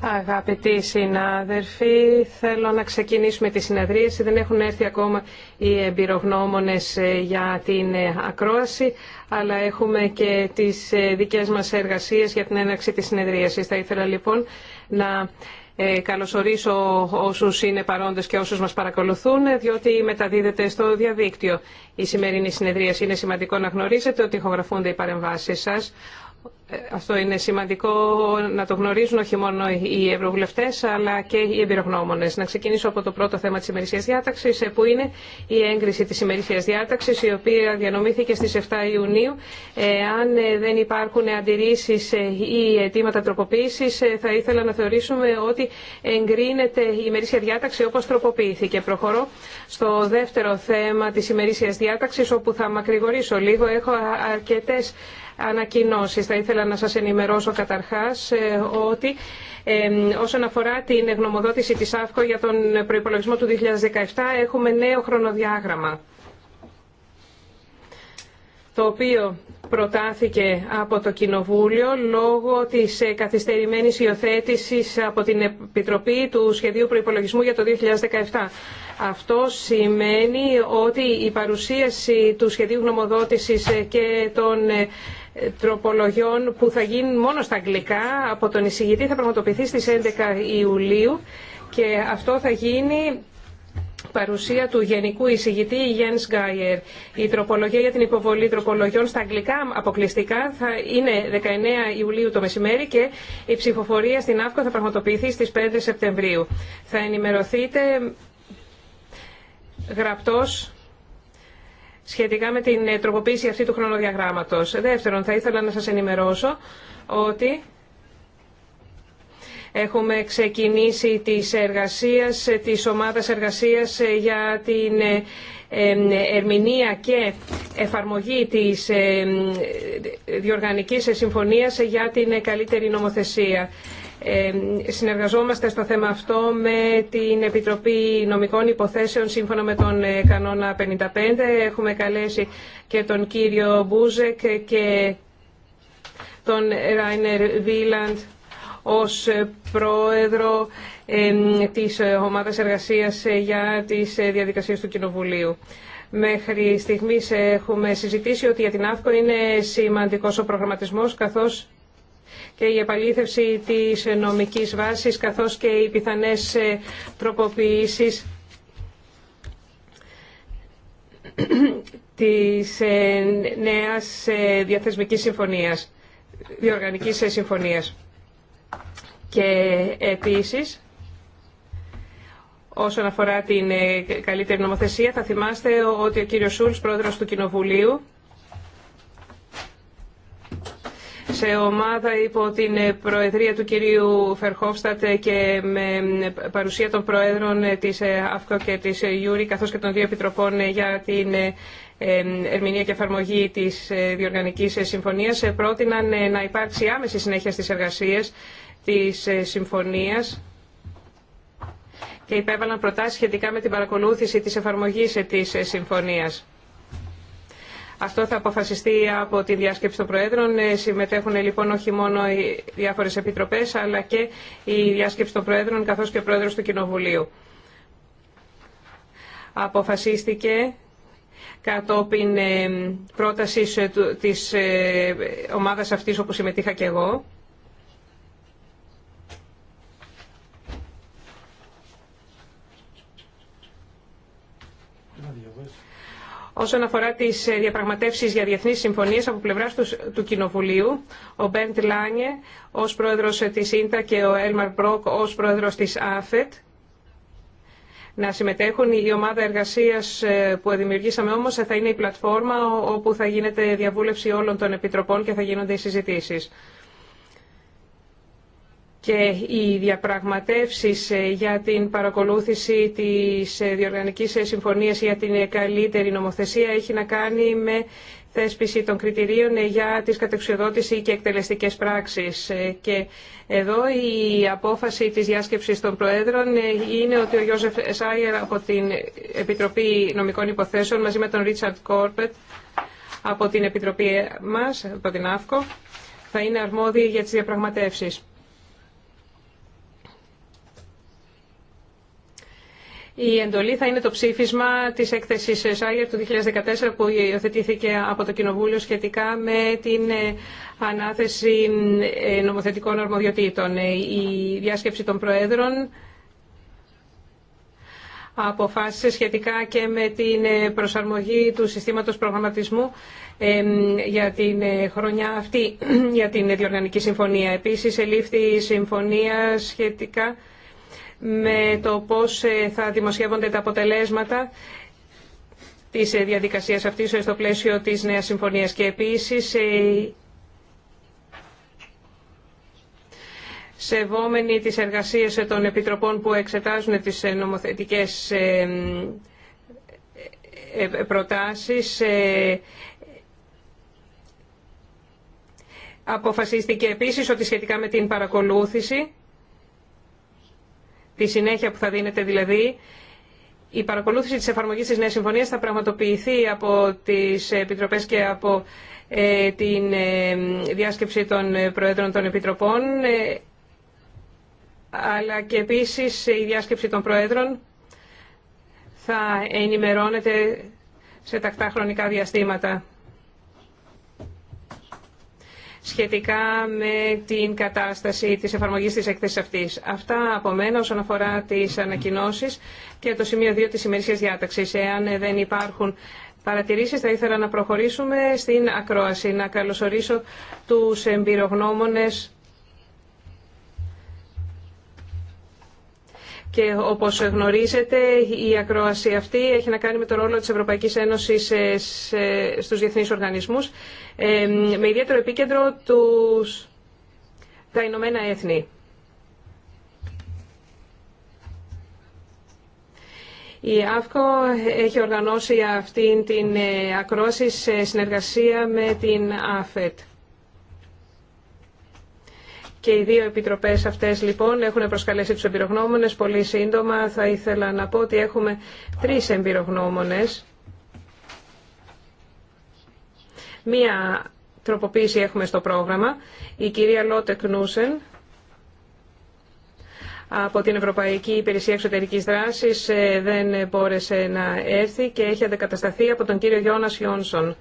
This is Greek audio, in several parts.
Αγαπητοί συνάδελφοι, θέλω να ξεκινήσουμε τη συνεδρίαση. Δεν έχουν έρθει ακόμα οι εμπειρογνώμονες ε, για την ε, ακρόαση, αλλά έχουμε και τις ε, δικές μας εργασίες για την έναρξη της συνεδρίασης. Θα ήθελα λοιπόν να καλωσορίσω όσους είναι παρόντες και όσους μας παρακολουθούν, διότι μεταδίδεται στο διαδίκτυο η σημερινή συνεδρίαση. Είναι σημαντικό να γνωρίζετε ότι ηχογραφούνται οι παρεμβάσεις σας. Αυτό είναι σημαντικό να το γνωρίζουν όχι μόνο οι Ευρωβουλευτέ, αλλά και οι εμπειρογνώμονε. Να ξεκινήσω από το πρώτο θέμα τη ημερησία διάταξη, που είναι η έγκριση τη ημερησία διάταξη, η οποία διανομήθηκε στι 7 Ιουνίου. Αν δεν υπάρχουν αντιρρήσεις ή αιτήματα τροποποίησης θα ήθελα να θεωρίσουμε ότι εγκρίνεται η ημερησία διάταξη όπως τροποποιήθηκε. Προχωρώ στο τροποποιηση θα μακρηγορήσω ημερησια διαταξη οπω τροποποιηθηκε προχωρω στο δευτερο θεμα τη ημερησια διάταξη οπου θα μακρηγορησω λιγο εχω αρκετέ ανακοινώσεις. Θα ήθελα να σας ενημερώσω καταρχάς ε, ότι όσον αφορά την γνωμοδότηση της ΑΦΚΟ για τον προϋπολογισμό του 2017 έχουμε νέο χρονοδιάγραμμα το οποίο προτάθηκε από το Κοινοβούλιο λόγω της ε, καθυστερημένης υιοθέτηση από την Επιτροπή του Σχεδίου Προϋπολογισμού για το 2017. Αυτό σημαίνει ότι η παρουσίαση του σχεδίου γνωμοδότησης ε, και των τροπολογιών που θα γίνουν μόνο στα αγγλικά από τον εισηγητή θα πραγματοποιηθεί στις 11 Ιουλίου και αυτό θα γίνει παρουσία του Γενικού Εισηγητή Jens Γκάιερ. Η τροπολογία για την υποβολή τροπολογιών στα αγγλικά αποκλειστικά θα είναι 19 Ιουλίου το μεσημέρι και η ψηφοφορία στην ΑΦΚΟ θα πραγματοποιηθεί στις 5 Σεπτεμβρίου. Θα ενημερωθείτε γραπτός σχετικά με την ε, τροποποίηση αυτή του χρονοδιαγράμματος. Δεύτερον, θα ήθελα να σας ενημερώσω ότι έχουμε ξεκινήσει τις εργασίες ε, της ομάδας εργασίας ε, για την ερμηνεία και εφαρμογή της διοργανικής συμφωνίας για την καλύτερη νομοθεσία συνεργαζόμαστε στο θέμα αυτό με την Επιτροπή Νομικών Υποθέσεων σύμφωνα με τον ε, κανόνα 55. Έχουμε καλέσει και τον κύριο Μπούζεκ και τον Ράινερ Βίλαντ ως πρόεδρο της ομάδας εργασίας για τις διαδικασίες του Κοινοβουλίου. Μέχρι στιγμής έχουμε συζητήσει ότι για την ΑΦΚΟ είναι σημαντικός ο προγραμματισμός καθώς και η επαλήθευση της νομικής βάσης καθώς και οι πιθανές ε, τροποποιήσεις της ε, νέας ε, διαθεσμικής συμφωνίας, διοργανικής συμφωνίας. Και επίσης, όσον αφορά την καλύτερη νομοθεσία, θα θυμάστε ότι ο κύριος Σούλς, πρόεδρος του Κοινοβουλίου, σε ομάδα υπό την ε, προεδρία του κυρίου Φερχόφστατ και με ε, παρουσία των προέδρων ε, της ΑΦΚΟ και της Ιούρι καθώς και των δύο επιτροπών για την ερμηνεία και εφαρμογή της διοργανικής συμφωνίας πρότειναν να υπάρξει άμεση συνέχεια στις εργασίες της συμφωνίας και υπέβαλαν προτάσεις σχετικά με την παρακολούθηση της εφαρμογής της συμφωνίας. Αυτό θα αποφασιστεί από τη διάσκεψη των Προέδρων. Ε, συμμετέχουν ε, λοιπόν όχι μόνο οι διάφορες επιτροπές, αλλά και η διάσκεψη των Προέδρων, καθώς και ο Πρόεδρος του Κοινοβουλίου. Αποφασίστηκε κατόπιν ε, πρότασης της ομάδας αυτής όπου συμμετείχα και εγώ Όσον αφορά τι ε, διαπραγματεύσει για διεθνεί συμφωνίε από πλευρά του Κοινοβουλίου, ο Μπέντ Λάνιε ω πρόεδρο ε, τη ΙΝΤΑ και ο Έλμαρ Μπρόκ ω πρόεδρο τη ΑΦΕΤ να συμμετέχουν. Η ομάδα εργασία ε, που δημιουργήσαμε όμω θα είναι η πλατφόρμα όπου θα γίνεται διαβούλευση όλων των επιτροπών και θα γίνονται οι συζητήσει και οι διαπραγματεύσεις ε, για την παρακολούθηση της ε, διοργανικής ε, συμφωνίας για την καλύτερη νομοθεσία έχει να κάνει με θέσπιση των κριτηρίων για τις κατεξιοδότηση και εκτελεστικές πράξεις. Και εδώ η απόφαση της διάσκεψης των Προέδρων είναι ότι ο Γιώζεφ Σάιερ από την Επιτροπή Νομικών Υποθέσεων μαζί με τον Ρίτσαρντ Κόρπετ από την Επιτροπή μας, από την ΑΦΚΟ, θα είναι αρμόδιοι για τις διαπραγματεύσεις. Η εντολή θα είναι το ψήφισμα της έκθεσης ΣΑΙΕΡ του 2014 που υιοθετήθηκε από το Κοινοβούλιο σχετικά με την ε, ανάθεση ε, νομοθετικών αρμοδιοτήτων. Ε, η διάσκεψη των Προέδρων αποφάσισε σχετικά και με την προσαρμογή του συστήματος προγραμματισμού για την χρονιά αυτή, για την διοργανική συμφωνία. Επίσης, ελήφθη η συμφωνία σχετικά με το πώς ε, θα δημοσιεύονται τα αποτελέσματα της ε, διαδικασίας αυτής ε, στο πλαίσιο της νέας συμφωνίας. Και επίσης σεβόμενοι τις εργασίες των επιτροπών που εξετάζουν τις νομοθετικές προτάσεις αποφασίστηκε επίσης ότι σχετικά με την παρακολούθηση τη συνέχεια που θα δίνεται δηλαδή, η παρακολούθηση της εφαρμογής της νέας συμφωνίας θα πραγματοποιηθεί από τις επιτροπές και από ε, την ε, διάσκεψη των Προέδρων των Επιτροπών, ε, αλλά και επίσης η διάσκεψη των Προέδρων θα ενημερώνεται σε τακτά χρονικά διαστήματα σχετικά με την κατάσταση της εφαρμογής της έκθεσης αυτής. Αυτά από μένα όσον αφορά τις ανακοινώσεις και το σημείο 2 της ημερήσιας διάταξης. Εάν δεν υπάρχουν παρατηρήσεις θα ήθελα να προχωρήσουμε στην ακρόαση. Να καλωσορίσω τους εμπειρογνώμονες Και όπως γνωρίζετε, η ακρόαση αυτή έχει να κάνει με το ρόλο της Ευρωπαϊκής Ένωσης στους διεθνείς οργανισμούς, ε, με ιδιαίτερο επίκεντρο τους... τα Ηνωμένα Έθνη. Η ΑΦΚΟ έχει οργανώσει αυτή την ε, ακρόαση σε συνεργασία με την ΑΦΕΤ. Και οι δύο επιτροπές αυτές λοιπόν έχουν προσκαλέσει τους εμπειρογνώμονε. Πολύ σύντομα θα ήθελα να πω ότι έχουμε τρεις εμπειρογνώμονε. Μία τροποποίηση έχουμε στο πρόγραμμα. Η κυρία Λότε Κνούσεν από την Ευρωπαϊκή Υπηρεσία Εξωτερικής Δράσης ε, δεν μπόρεσε να έρθει και έχει αντεκατασταθεί από τον κύριο Γιώνας Ιόνσον.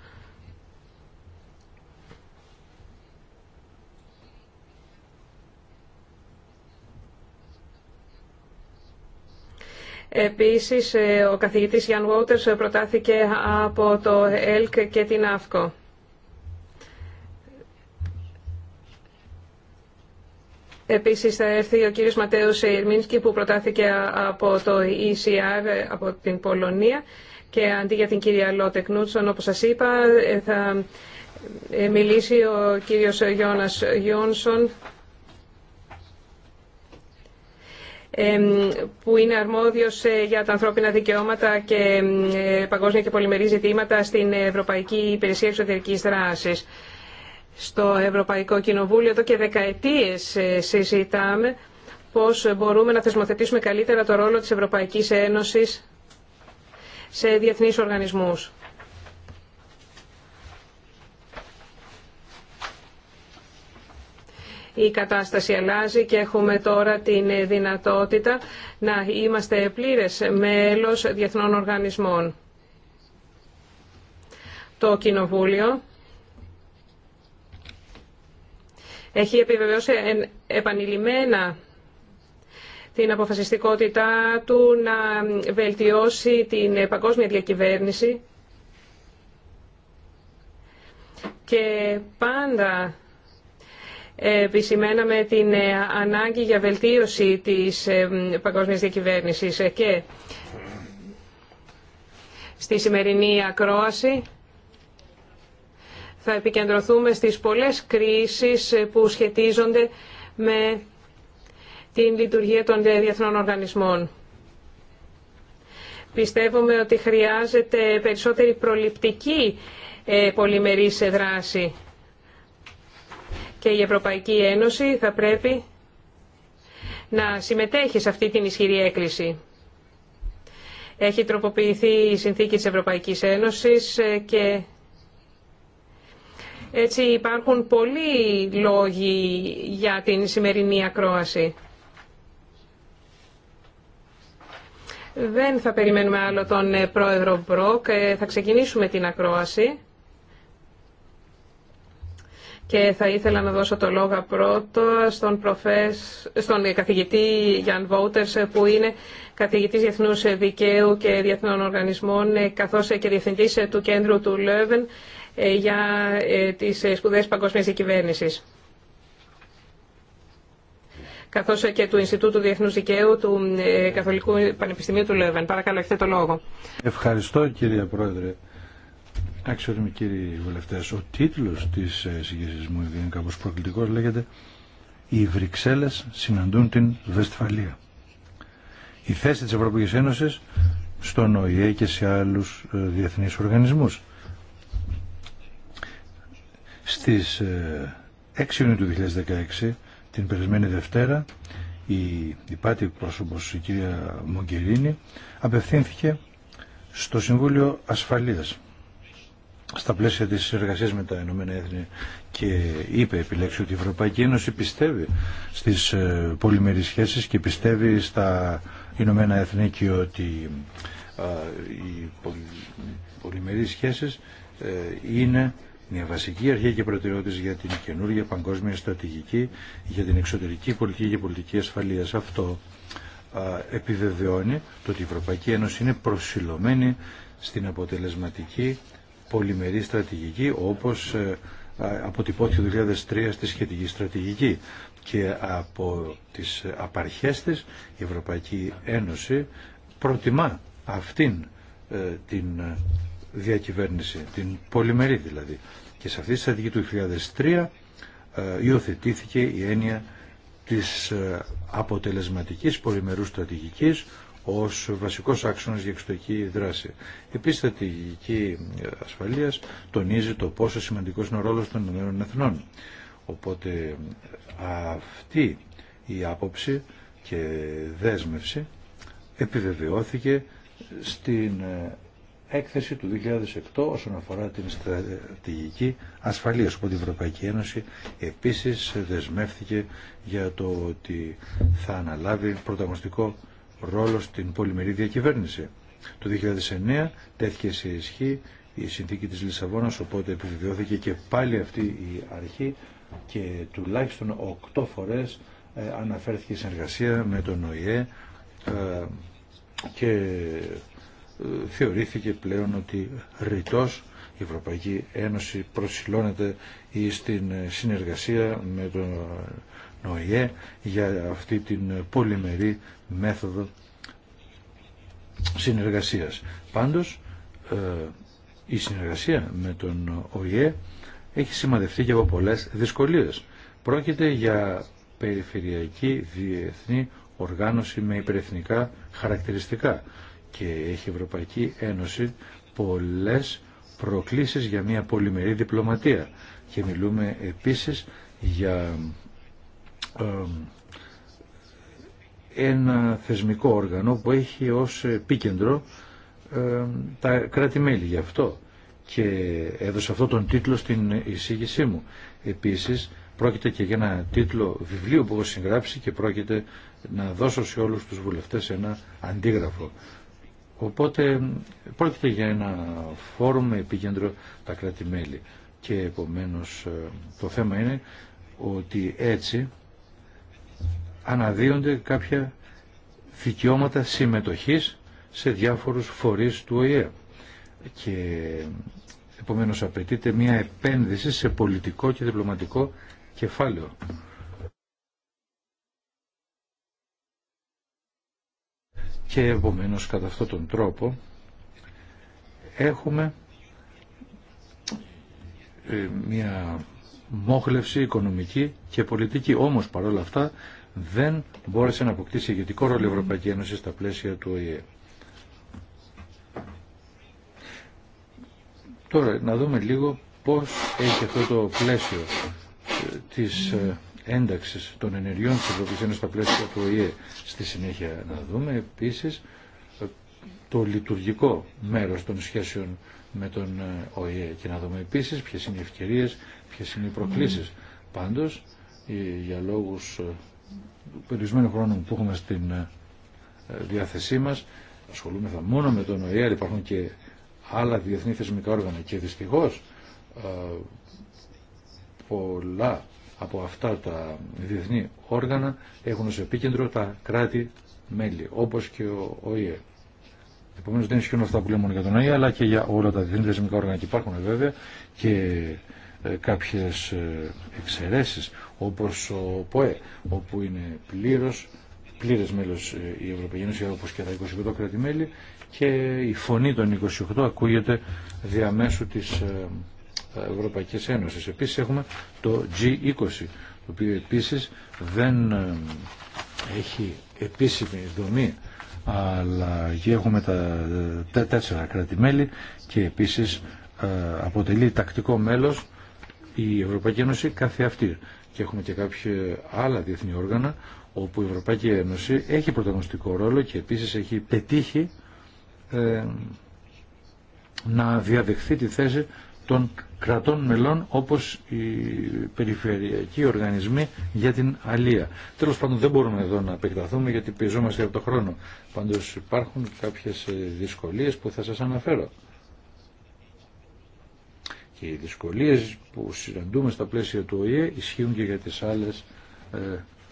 Επίσης, ε, ο καθηγητής Γιάνν Ούτερς ε, προτάθηκε από το ΕΛΚ και την ΑΦΚΟ. Επίσης θα έρθει ο κύριος Ματέος Ιρμίνσκι που προτάθηκε από το ECR ε, από την Πολωνία και αντί για την κυρία Λότε Κνούτσον, όπως σας είπα, θα μιλήσει ο κύριος Γιώνας Γιόνσον που είναι αρμόδιος ε, για τα ανθρώπινα δικαιώματα και ε, παγκόσμια και πολυμερή ζητήματα στην Ευρωπαϊκή Υπηρεσία Εξωτερικής Δράσης. Στο Ευρωπαϊκό Κοινοβούλιο εδώ και δεκαετίες ε, συζητάμε πώς μπορούμε να θεσμοθετήσουμε καλύτερα το ρόλο της Ευρωπαϊκής Ένωσης σε διεθνείς οργανισμούς. η κατάσταση αλλάζει και έχουμε τώρα την δυνατότητα να είμαστε πλήρες μέλος διεθνών οργανισμών. Το Κοινοβούλιο έχει επιβεβαιώσει επανειλημμένα την αποφασιστικότητά του να βελτιώσει την παγκόσμια διακυβέρνηση και πάντα επισημέναμε την ε, ανάγκη για βελτίωση της ε, παγκόσμιας διακυβέρνησης ε, και στη σημερινή ακρόαση θα επικεντρωθούμε στις πολλές κρίσεις που σχετίζονται με την λειτουργία των διεθνών οργανισμών. Πιστεύουμε ότι χρειάζεται περισσότερη προληπτική πολυμερής δράση και η Ευρωπαϊκή Ένωση θα πρέπει να συμμετέχει σε αυτή την ισχυρή έκκληση. Έχει τροποποιηθεί η συνθήκη της Ευρωπαϊκής Ένωσης ε, και έτσι υπάρχουν πολλοί λόγοι για την σημερινή ακρόαση. Δεν θα περιμένουμε άλλο τον ε, πρόεδρο Μπροκ. Ε, θα ξεκινήσουμε την ακρόαση και θα ήθελα να δώσω το λόγο πρώτο στον, στον καθηγητή Γιάνν Βόουτερς που είναι καθηγητής Διεθνούς Δικαίου και Διεθνών Οργανισμών καθώς και διευθυντή του κέντρου του ΛΕΒΕΝ ε, για ε, τις σπουδές παγκόσμιας Κυβέρνησης καθώς και του Ινστιτούτου Διεθνούς Δικαίου του ε, Καθολικού Πανεπιστημίου του ΛΕΒΕΝ. Παρακαλώ, έχετε το λόγο. Ευχαριστώ κύριε Πρόεδρε. Αξιότιμοι κύριοι βουλευτέ, ο τίτλο τη ε, συγκεκριμένη μου είναι κάπω προκλητικό. Λέγεται Οι Βρυξέλλε συναντούν την Βεσφαλία. Η θέση τη Ευρωπαϊκή Ένωση στον ΟΗΕ και σε άλλου ε, διεθνεί οργανισμού. Στι 6 ε, Ιουνίου του 2016, την περισμένη Δευτέρα, η υπάτη πρόσωπο η κυρία Μογκερίνη απευθύνθηκε στο Συμβούλιο Ασφαλείας στα πλαίσια της συνεργασίας με τα Ηνωμένα Έθνη και είπε επιλέξει ότι η Ευρωπαϊκή Ένωση πιστεύει στις ε, πολυμερείς σχέσεις και πιστεύει στα Ηνωμένα Έθνη και ότι ε, οι πολυμερείς σχέσεις ε, είναι μια βασική αρχή και προτεραιότητα για την καινούργια παγκόσμια στρατηγική για την εξωτερική πολιτική και πολιτική ασφαλείας. Αυτό επιβεβαιώνει το ότι η Ευρωπαϊκή Ένωση είναι προσιλωμένη στην αποτελεσματική πολυμερή στρατηγική όπως ε, αποτυπώθηκε το 2003 στη σχετική στρατηγική και από τις απαρχές της η Ευρωπαϊκή Ένωση προτιμά αυτήν ε, την διακυβέρνηση, την πολυμερή δηλαδή. Και σε αυτή τη στρατηγική του 2003 ε, υιοθετήθηκε η έννοια της αποτελεσματικής πολυμερούς στρατηγικής Ω βασικό άξονα για εξωτερική δράση. Επίση, η στρατηγική ασφαλείας τονίζει το πόσο σημαντικό είναι ο ρόλος των Ηνωμένων Εθνών. Οπότε αυτή η άποψη και δέσμευση επιβεβαιώθηκε στην ε, έκθεση του 2008 όσον αφορά την στρατηγική ασφαλεία. Οπότε η Ευρωπαϊκή Ένωση επίσης δεσμεύθηκε για το ότι θα αναλάβει πρωταγωνιστικό ρόλο στην πολυμερή διακυβέρνηση. Το 2009 τέθηκε σε ισχύ η συνθήκη της Λισαβόνας, οπότε επιβεβαιώθηκε και πάλι αυτή η αρχή και τουλάχιστον 8 φορές ε, αναφέρθηκε η συνεργασία με τον ΟΗΕ ε, και ε, θεωρήθηκε πλέον ότι ρητός η Ευρωπαϊκή Ένωση προσιλώνεται στην συνεργασία με τον ΟΗΕ για αυτή την πολυμερή μέθοδο συνεργασίας. Πάντως, ε, η συνεργασία με τον ΟΗΕ έχει σημαδευτεί και από πολλές δυσκολίες. Πρόκειται για περιφερειακή διεθνή οργάνωση με υπερεθνικά χαρακτηριστικά και έχει η Ευρωπαϊκή Ένωση πολλές προκλήσεις για μια πολυμερή διπλωματία και μιλούμε επίσης για ε, ένα θεσμικό όργανο που έχει ως επίκεντρο ε, τα κράτη-μέλη γι' αυτό και έδωσε αυτό τον τίτλο στην εισήγησή μου. Επίσης πρόκειται και για ένα τίτλο βιβλίου που έχω συγγράψει και πρόκειται να δώσω σε όλους τους βουλευτές ένα αντίγραφο. Οπότε πρόκειται για ένα φόρουμ επίκεντρο τα κράτη-μέλη και επομένως ε, το θέμα είναι ότι έτσι αναδύονται κάποια δικαιώματα συμμετοχής σε διάφορους φορείς του ΟΗΕ. Και επομένως απαιτείται μια επένδυση σε πολιτικό και διπλωματικό κεφάλαιο. Και επομένως κατά αυτόν τον τρόπο έχουμε ε, μια μόχλευση οικονομική και πολιτική. Όμως παρόλα αυτά δεν μπόρεσε να αποκτήσει ηγετικό ρόλο η Ευρωπαϊκή Ένωση στα πλαίσια του ΟΗΕ. Τώρα να δούμε λίγο πώς έχει αυτό το πλαίσιο ε, της ε, ένταξης των ενεργειών της Ευρωπαϊκής Ένωσης στα πλαίσια του ΟΗΕ. Στη συνέχεια να δούμε επίσης ε, το λειτουργικό μέρος των σχέσεων με τον ΟΗΕ και να δούμε επίσης ποιες είναι οι ευκαιρίες, ποιες είναι οι προκλήσεις. Mm. Πάντως, για λόγους περιορισμένο χρόνο που έχουμε στην ε, διάθεσή μας ασχολούμεθα μόνο με τον ΟΗΕ, υπάρχουν και άλλα διεθνή θεσμικά όργανα και δυστυχώς ε, πολλά από αυτά τα διεθνή όργανα έχουν ως επίκεντρο τα κράτη-μέλη, όπως και ο ΟΗΕ. Επομένως δεν ισχύουν αυτά που λέμε μόνο για τον ΟΗΕ, αλλά και για όλα τα διεθνή θεσμικά όργανα. Και υπάρχουν βέβαια και ε, κάποιες εξαιρέσεις όπως ο ΠΟΕ, όπου είναι πλήρως, πλήρες μέλος ε, η Ευρωπαϊκή Ένωση, όπως και τα 28 κράτη-μέλη, και η φωνή των 28 ακούγεται διαμέσου της ε, Ευρωπαϊκής Ένωσης. Επίσης έχουμε το G20, το οποίο επίσης δεν ε, έχει επίσημη δομή αλλά και έχουμε τα τέσσερα κράτη-μέλη και επίσης αποτελεί τακτικό μέλος η Ευρωπαϊκή Ένωση κάθε αυτή και έχουμε και κάποια άλλα διεθνή όργανα όπου η Ευρωπαϊκή Ένωση έχει πρωταγωνιστικό ρόλο και επίσης έχει πετύχει ε, να διαδεχθεί τη θέση των κρατών μελών όπως οι περιφερειακοί οργανισμοί για την αλία. Τέλος πάντων δεν μπορούμε εδώ να επεκταθούμε γιατί πιεζόμαστε από το χρόνο. Πάντως υπάρχουν κάποιες ε, δυσκολίες που θα σας αναφέρω. Και οι δυσκολίες που συναντούμε στα πλαίσια του ΟΗΕ ισχύουν και για τις άλλες ε,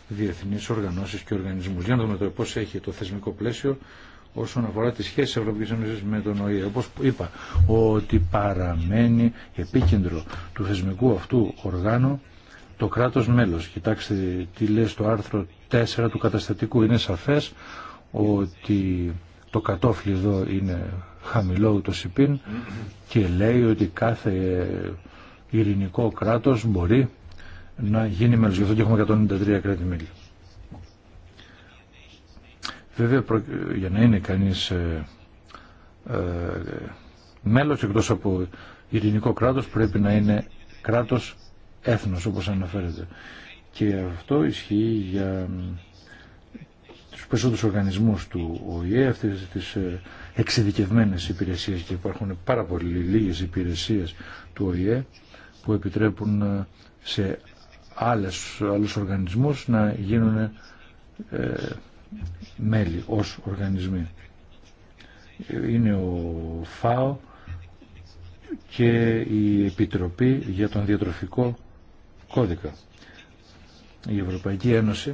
διεθνείς οργανώσεις και οργανισμούς. Για να δούμε πώς έχει το θεσμικό πλαίσιο όσον αφορά τις σχέσεις Ευρωπαϊκής Ένωσης με τον ΟΗΕ. Όπως είπα, ότι παραμένει επίκεντρο του θεσμικού αυτού οργάνου το κράτος μέλος. Κοιτάξτε τι λέει στο άρθρο 4 του καταστατικού. Είναι σαφές ότι το κατόφλι εδώ είναι χαμηλό το ΣΥΠΗΝ και λέει ότι κάθε ειρηνικό κράτος μπορεί να γίνει μέλος. Γι' αυτό και έχουμε 193 κράτη-μέλη. Βέβαια, για να είναι κανείς ε, ε, μέλος εκτός από ειρηνικό κράτος πρέπει να είναι κράτος έθνος, όπως αναφέρεται. Και αυτό ισχύει για τους περισσότερους οργανισμούς του ΟΗΕ, αυτές τις ε, εξειδικευμένες υπηρεσίες και υπάρχουν πάρα πολύ λίγες υπηρεσίες του ΟΗΕ που επιτρέπουν ε, σε άλλες, άλλους οργανισμούς να γίνουν ε, μέλη ως οργανισμοί. Είναι ο ΦΑΟ και η Επιτροπή για τον Διατροφικό Κώδικα. Η Ευρωπαϊκή Ένωση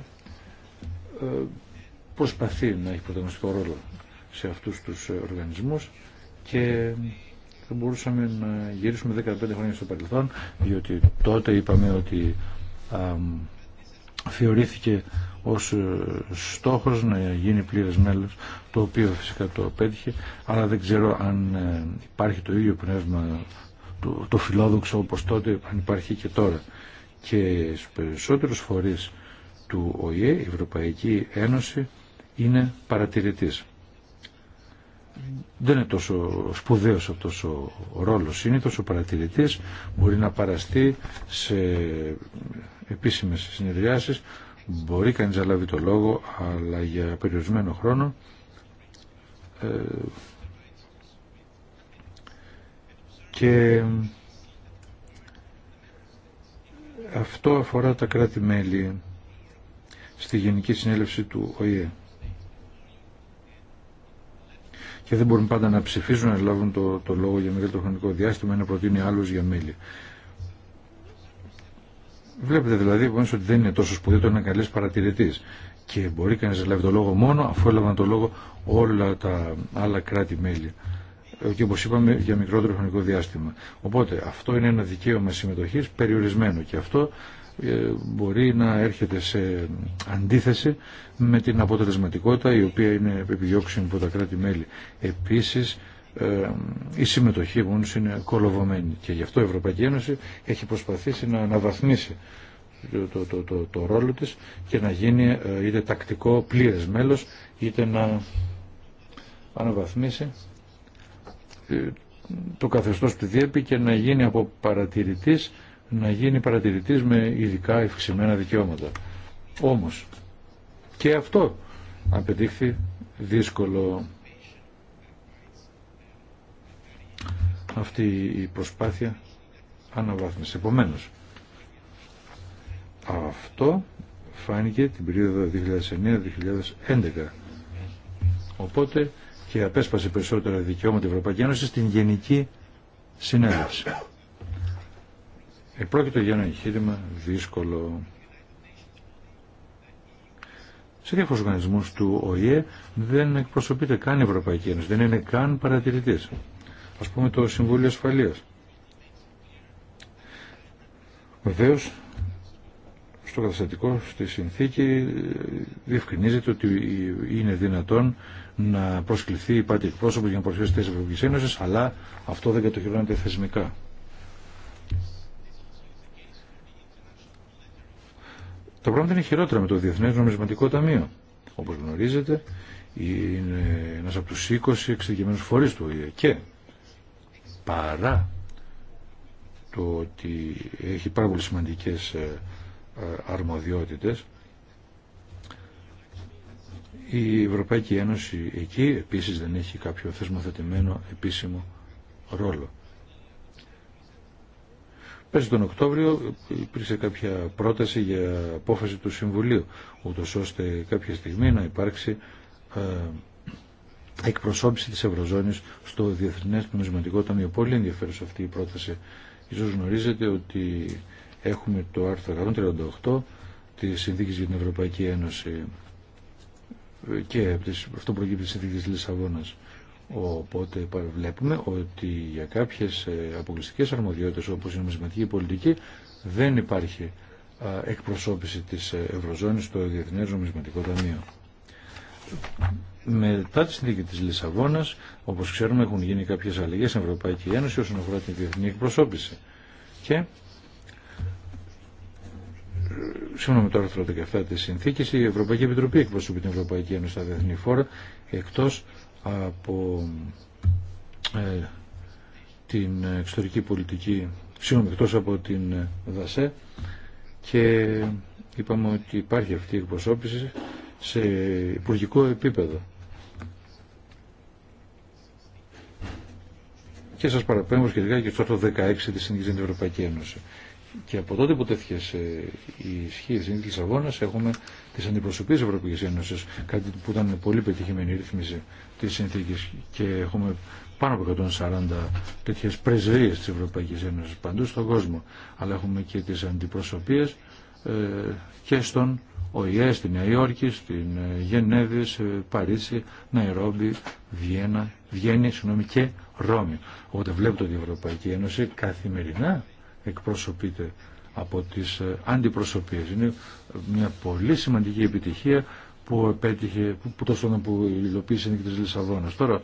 ε, προσπαθεί να έχει πρωτογνωστικό ρόλο σε αυτούς τους οργανισμούς και θα μπορούσαμε να γυρίσουμε 15 χρόνια στο παρελθόν διότι τότε είπαμε ότι θεωρήθηκε ως ε, στόχος να γίνει πλήρες μέλος το οποίο φυσικά το πέτυχε αλλά δεν ξέρω αν ε, υπάρχει το ίδιο πνεύμα το, το φιλόδοξο όπως τότε αν υπάρχει και τώρα και στους περισσότερους φορείς του ΟΗΕ η Ευρωπαϊκή Ένωση είναι παρατηρητής δεν είναι τόσο σπουδαίος αυτός ο ρόλος είναι τόσο παρατηρητής μπορεί να παραστεί σε επίσημες συνεδριάσεις μπορεί κανείς να λάβει το λόγο αλλά για περιορισμένο χρόνο ε, και αυτό αφορά τα κράτη-μέλη στη Γενική Συνέλευση του ΟΗΕ και δεν μπορούν πάντα να ψηφίζουν να λάβουν το, το λόγο για μεγάλο χρονικό διάστημα ή να προτείνει άλλου για μέλη. Βλέπετε δηλαδή επομένως, ότι δεν είναι τόσο σπουδαίο το να καλέ παρατηρητή. Και μπορεί κανεί να λάβει το λόγο μόνο αφού έλαβαν το λόγο όλα τα άλλα κράτη-μέλη. Ε, και όπω είπαμε, για μικρότερο χρονικό διάστημα. Οπότε αυτό είναι ένα δικαίωμα συμμετοχή περιορισμένο. Και αυτό ε, μπορεί να έρχεται σε αντίθεση με την αποτελεσματικότητα η οποία είναι επιδιώξιμη από τα κράτη-μέλη. Επίσης ε, η συμμετοχή μόνος είναι κολοβωμένη και γι' αυτό η Ευρωπαϊκή Ένωση έχει προσπαθήσει να αναβαθμίσει το, το, το, ρόλο της και να γίνει ε, είτε τακτικό πλήρες μέλος είτε να αναβαθμίσει το καθεστώς του διέπει και να γίνει από παρατηρητής να γίνει παρατηρητής με ειδικά ευξημένα δικαιώματα. Όμως και αυτό απαιτήχθη δύσκολο αυτή η προσπάθεια αναβάθμιση. Επομένως, αυτό φάνηκε την περίοδο 2009-2011. Οπότε και απέσπασε περισσότερα δικαιώματα Ευρωπαϊκή Ένωση στην Γενική Συνέλευση. Επρόκειτο για ένα εγχείρημα δύσκολο. Σε διάφορου οργανισμού του ΟΗΕ δεν εκπροσωπείται καν η Ευρωπαϊκή Ένωση, δεν είναι καν παρατηρητή. Α πούμε το Συμβούλιο Ασφαλεία. Βεβαίω, στο καταστατικό, στη συνθήκη, διευκρινίζεται ότι είναι δυνατόν να προσκληθεί η πάτη εκπρόσωπο για να προσφέρει τη Ευρωπαϊκή Ένωση, αλλά αυτό δεν κατοχυρώνεται θεσμικά. Το πράγματα είναι χειρότερα με το Διεθνές Νομισματικό Ταμείο. Όπως γνωρίζετε, είναι ένας από τους 20 εξειδικευμένου φορείς του ΟΗΕ και παρά το ότι έχει πάρα πολύ σημαντικές ε, ε, αρμοδιότητες η Ευρωπαϊκή Ένωση εκεί επίσης δεν έχει κάποιο θεσμοθετημένο επίσημο ρόλο. Πέρσι τον Οκτώβριο υπήρξε κάποια πρόταση για απόφαση του Συμβουλίου, ούτω ώστε κάποια στιγμή να υπάρξει ε, εκπροσώπηση της Ευρωζώνης στο Διεθνές Νομισματικό Ταμείο. Πολύ ενδιαφέρουσα αυτή η πρόταση. Ίσως γνωρίζετε ότι έχουμε το άρθρο 138 της Συνθήκης για την Ευρωπαϊκή Ένωση ε, και αυτό προκύπτει της Συνθήκης Λισαβόνας Οπότε βλέπουμε ότι για κάποιες ε, αποκλειστικές αρμοδιότητες όπως η νομισματική πολιτική δεν υπάρχει εκπροσώπηση της ε, Ευρωζώνης στο Διεθνές Νομισματικό Ταμείο. Μετά τη συνθήκη της Λισαβόνας, όπως ξέρουμε, έχουν γίνει κάποιες αλλαγές στην Ευρωπαϊκή Ένωση όσον αφορά την διεθνή εκπροσώπηση. Και σύμφωνα με το άρθρο 17 τη Συνθήκη, η Ευρωπαϊκή Επιτροπή εκπροσωπεί την Ευρωπαϊκή Ένωση στα διεθνή φόρα, εκτό από ε, την εξωτερική πολιτική, συγγνώμη, εκτός από την ε, ΔΑΣΕ και είπαμε ότι υπάρχει αυτή η εκπροσώπηση σε υπουργικό επίπεδο. Και σας παραπέμπω σχετικά και στο 16 της Συνήθειας της Ευρωπαϊκή Ένωση. Και από τότε που τέθηκε σε η ισχύ τη Συνήθεια Λισαβόνα έχουμε τι αντιπροσωπείε τη Ευρωπαϊκή Ένωση, κάτι που ήταν πολύ πετυχημένη η ρύθμιση τη συνθήκη και έχουμε πάνω από 140 τέτοιε πρεσβείε τη Ευρωπαϊκή Ένωση παντού στον κόσμο. Αλλά έχουμε και τι αντιπροσωπείε ε, και στον ΟΗΕ, στη Νέα Υόρκη, στην ε, Γενέβη, σε Παρίσι, Ναϊρόμπι, Βιέννη και Ρώμη. Οπότε βλέπετε ότι η Ευρωπαϊκή Ένωση καθημερινά εκπροσωπείται από τις ε, αντιπροσωπίες. Είναι μια πολύ σημαντική επιτυχία που επέτυχε, που, τόσο που, που υλοποίησε και τις Λισαβόνας. Τώρα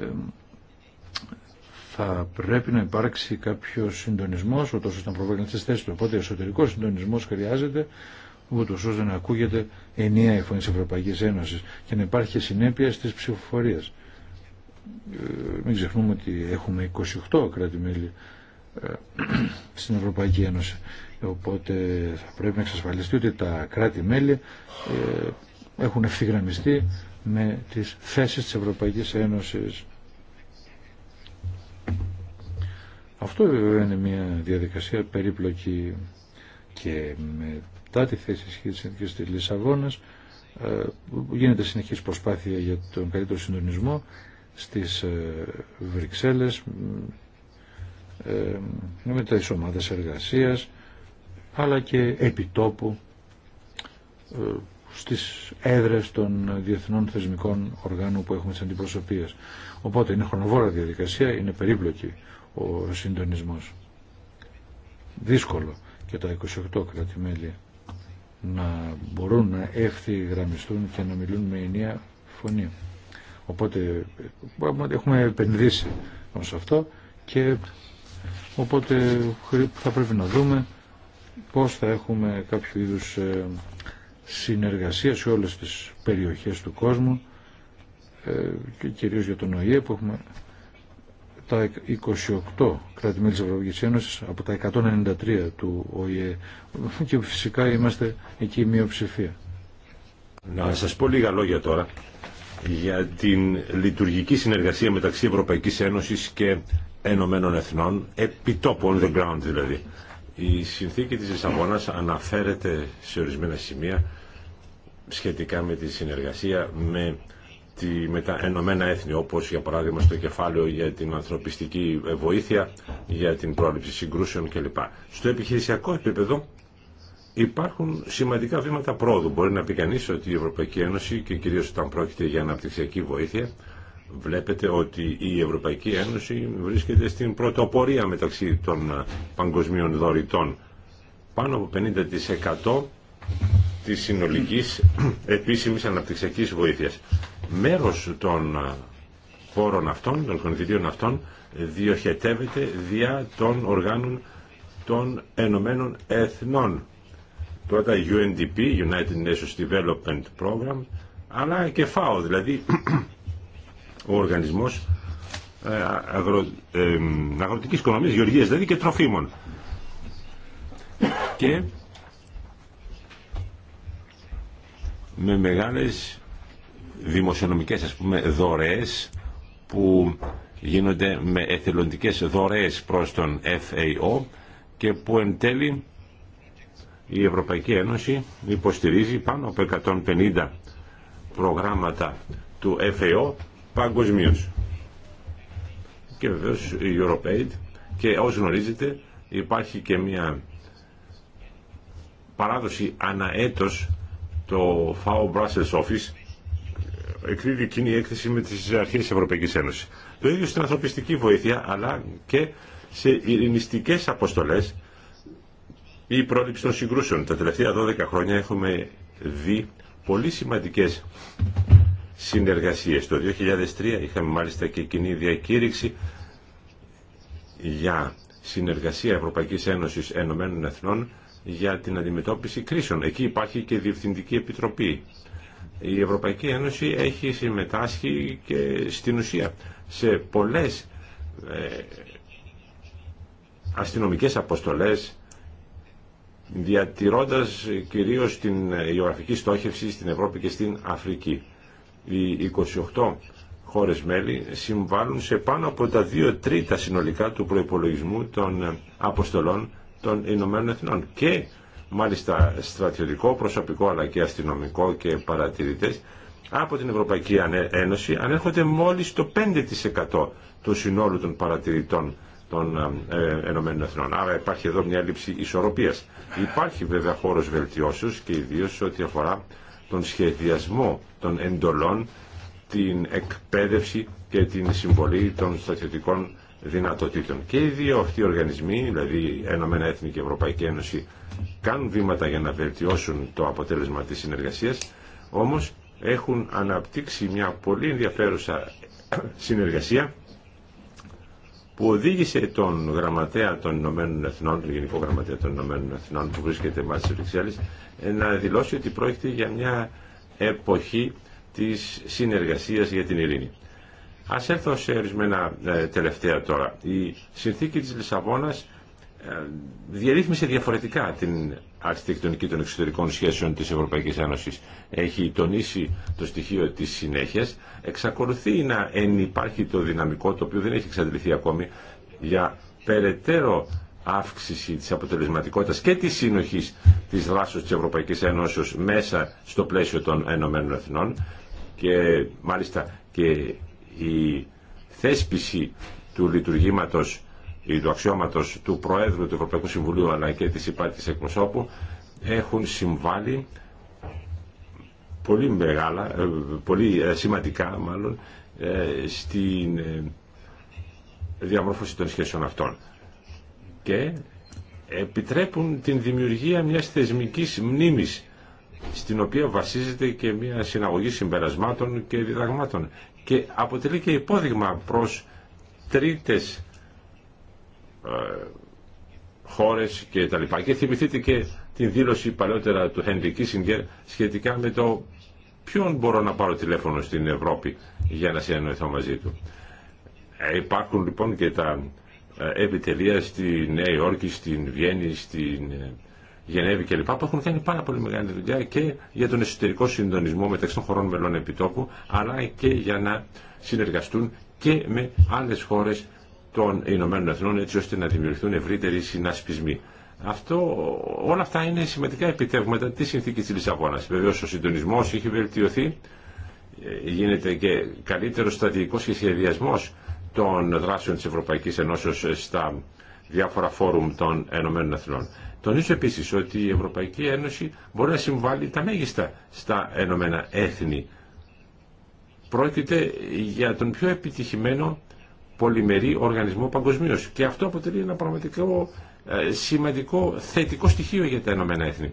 ε, θα πρέπει να υπάρξει κάποιο συντονισμός, ο ώστε να προβάλλει τις θέσεις του. Οπότε εσωτερικό συντονισμός χρειάζεται, ούτω ώστε να ακούγεται ενιαία η φωνή τη Ευρωπαϊκή Ένωση και να υπάρχει συνέπεια στις ψηφοφορίε. Ε, μην ξεχνούμε ότι έχουμε 28 κράτη-μέλη στην Ευρωπαϊκή Ένωση. Οπότε θα πρέπει να εξασφαλιστεί ότι τα κράτη-μέλη ε, έχουν ευθυγραμμιστεί με τις θέσεις της Ευρωπαϊκής Ένωσης. Αυτό βέβαια είναι μια διαδικασία περίπλοκη και μετά τη θέση τη της συνθήκης της Λισαβόνας ε, γίνεται συνεχής προσπάθεια για τον καλύτερο συντονισμό στις ε, Βρυξέλλες ε, με τις ομάδες εργασίας αλλά και επιτόπου ε, στις έδρες των διεθνών θεσμικών οργάνων που έχουμε στις αντιπροσωπείες. Οπότε είναι χρονοβόρα διαδικασία, είναι περίπλοκη ο συντονισμός. Δύσκολο και τα 28 κράτη-μέλη να μπορούν να ευθυγραμμιστούν και να μιλούν με ενιαία φωνή. Οπότε ε, έχουμε επενδύσει σε αυτό και Οπότε θα πρέπει να δούμε πώς θα έχουμε κάποιο είδους ε, συνεργασία σε όλες τις περιοχές του κόσμου ε, και κυρίως για τον ΟΗΕ που έχουμε τα 28 κράτη-μέλη της Ευρωπαϊκής Ένωσης από τα 193 του ΟΗΕ και φυσικά είμαστε εκεί μειοψηφία. Να σας πω λίγα λόγια τώρα για την λειτουργική συνεργασία μεταξύ Ευρωπαϊκής Ένωσης και Ενωμένων Εθνών, επιτόπου on the ground δηλαδή. Η συνθήκη της Λισαβόνα αναφέρεται σε ορισμένα σημεία σχετικά με τη συνεργασία με, τη, με τα Ενωμένα Έθνη, όπως για παράδειγμα στο κεφάλαιο για την ανθρωπιστική βοήθεια, για την πρόληψη συγκρούσεων κλπ. Στο επιχειρησιακό επίπεδο υπάρχουν σημαντικά βήματα πρόοδου. Μπορεί να πει κανεί ότι η Ευρωπαϊκή Ένωση και κυρίως όταν πρόκειται για αναπτυξιακή βοήθεια βλέπετε ότι η Ευρωπαϊκή Ένωση βρίσκεται στην πρωτοπορία μεταξύ των ε, παγκοσμίων δωρητών. Πάνω από 50% της συνολικής επίσημης αναπτυξιακής βοήθειας. Μέρος των ε, πόρων αυτών, των κονδυλίων αυτών, ε, διοχετεύεται διά των οργάνων των Ενωμένων Εθνών. Πρώτα UNDP, United Nations Development Program, αλλά και FAO, δηλαδή ο οργανισμός ε, αγρο, ε, αγροτικής οικονομίας, γεωργίας δηλαδή και τροφίμων. Και με μεγάλες δημοσιονομικές ας πούμε δωρεές που γίνονται με εθελοντικές δωρεές προς τον FAO και που εν τέλει η Ευρωπαϊκή Ένωση υποστηρίζει πάνω από 150 προγράμματα του FAO παγκοσμίω. Και βεβαίω η EuroPaid και όσο γνωρίζετε υπάρχει και μια παράδοση αναέτος το FAO Brussels Office εκδίδει εκείνη η έκθεση με τις αρχές της Ευρωπαϊκής Ένωσης. Το ίδιο στην ανθρωπιστική βοήθεια αλλά και σε ειρηνιστικές αποστολές ή πρόληψη των συγκρούσεων. Τα τελευταία 12 χρόνια έχουμε δει πολύ σημαντικές συνεργασίες. Το 2003 είχαμε μάλιστα και κοινή διακήρυξη για συνεργασία Ευρωπαϊκής Ένωσης Ενωμένων Εθνών για την αντιμετώπιση κρίσεων. Εκεί υπάρχει και Διευθυντική Επιτροπή. Η Ευρωπαϊκή Ένωση έχει συμμετάσχει και στην ουσία σε πολλές ε, αστυνομικές αποστολές διατηρώντας κυρίως την γεωγραφική στόχευση στην Ευρώπη και στην Αφρική. Οι 28 χώρες μέλη συμβάλλουν σε πάνω από τα 2 τρίτα συνολικά του προϋπολογισμού των αποστολών των Ηνωμένων Εθνών και μάλιστα στρατιωτικό, προσωπικό αλλά και αστυνομικό και παρατηρητές από την Ευρωπαϊκή Ένωση ανέρχονται μόλις το 5% του συνόλου των παρατηρητών των Ηνωμένων ε, Εθνών. Άρα υπάρχει εδώ μια έλλειψη ισορροπίας. Υπάρχει βέβαια χώρος βελτιώσεως και ιδίως ό,τι αφορά τον σχεδιασμό των εντολών, την εκπαίδευση και την συμβολή των στρατιωτικών δυνατοτήτων. Και οι δύο αυτοί οργανισμοί, δηλαδή Ένωμενα Έθνη και Ευρωπαϊκή Ένωση, κάνουν βήματα για να βελτιώσουν το αποτέλεσμα της συνεργασίας, όμως έχουν αναπτύξει μια πολύ ενδιαφέρουσα συνεργασία που οδήγησε τον γραμματέα των Ηνωμένων Εθνών, τον Γενικό Γραμματέα των Ηνωμένων Εθνών που βρίσκεται μαζί στις Βρυξέλλες, να δηλώσει ότι πρόκειται για μια εποχή της συνεργασίας για την ειρήνη. Ας έρθω σε ορισμένα ε, τελευταία τώρα. Η συνθήκη της Λισαβόνας ε, διαρρύθμισε διαφορετικά την αρχιτεκτονική των εξωτερικών σχέσεων της Ευρωπαϊκής Ένωσης έχει τονίσει το στοιχείο της συνέχειας, εξακολουθεί να υπάρχει το δυναμικό το οποίο δεν έχει εξαντληθεί ακόμη για περαιτέρω αύξηση της αποτελεσματικότητας και της σύνοχης της δράσης της Ευρωπαϊκής Ένωσης μέσα στο πλαίσιο των Ενωμένων Εθνών και μάλιστα και η θέσπιση του λειτουργήματος του αξιώματο του Προέδρου του Ευρωπαϊκού Συμβουλίου αλλά και της εκπροσώπου έχουν συμβάλει πολύ μεγάλα, ε, πολύ ε, σημαντικά μάλλον ε, στην διαμόρφωση των σχέσεων αυτών και επιτρέπουν την δημιουργία μιας θεσμικής μνήμης στην οποία βασίζεται και μια συναγωγή συμπερασμάτων και διδαγμάτων και αποτελεί και υπόδειγμα προς τρίτες ε, χώρες και τα λοιπά. Και θυμηθείτε και την δήλωση παλαιότερα του Χένρι Κίσιγκερ σχετικά με το ποιον μπορώ να πάρω τηλέφωνο στην Ευρώπη για να συνεννοηθώ μαζί του. Ε, υπάρχουν λοιπόν και τα επιτελεία στη Νέα Υόρκη, στην Βιέννη, στην ε, Γενέβη κλπ. που έχουν κάνει πάρα πολύ μεγάλη δουλειά και για τον εσωτερικό συντονισμό μεταξύ των χωρών μελών επιτόπου αλλά και για να συνεργαστούν και με άλλες χώρες των Ηνωμένων Εθνών έτσι ώστε να δημιουργηθούν ευρύτεροι συνασπισμοί. Αυτό, όλα αυτά είναι σημαντικά επιτεύγματα τη συνθήκη τη Λισαβόνα. Βεβαίω, ο συντονισμό έχει βελτιωθεί, ε, γίνεται και καλύτερο σταδιακό και σχεδιασμό των δράσεων τη Ευρωπαϊκή Ενώσεω στα διάφορα φόρουμ των Ηνωμένων Εθνών. Τονίζω επίση ότι η Ευρωπαϊκή Ένωση μπορεί να συμβάλλει τα μέγιστα στα Ηνωμένα Έθνη. Πρόκειται για τον πιο επιτυχημένο πολυμερή οργανισμό παγκοσμίω. Και αυτό αποτελεί ένα πραγματικό ε, σημαντικό θετικό στοιχείο για τα Ηνωμένα Έθνη.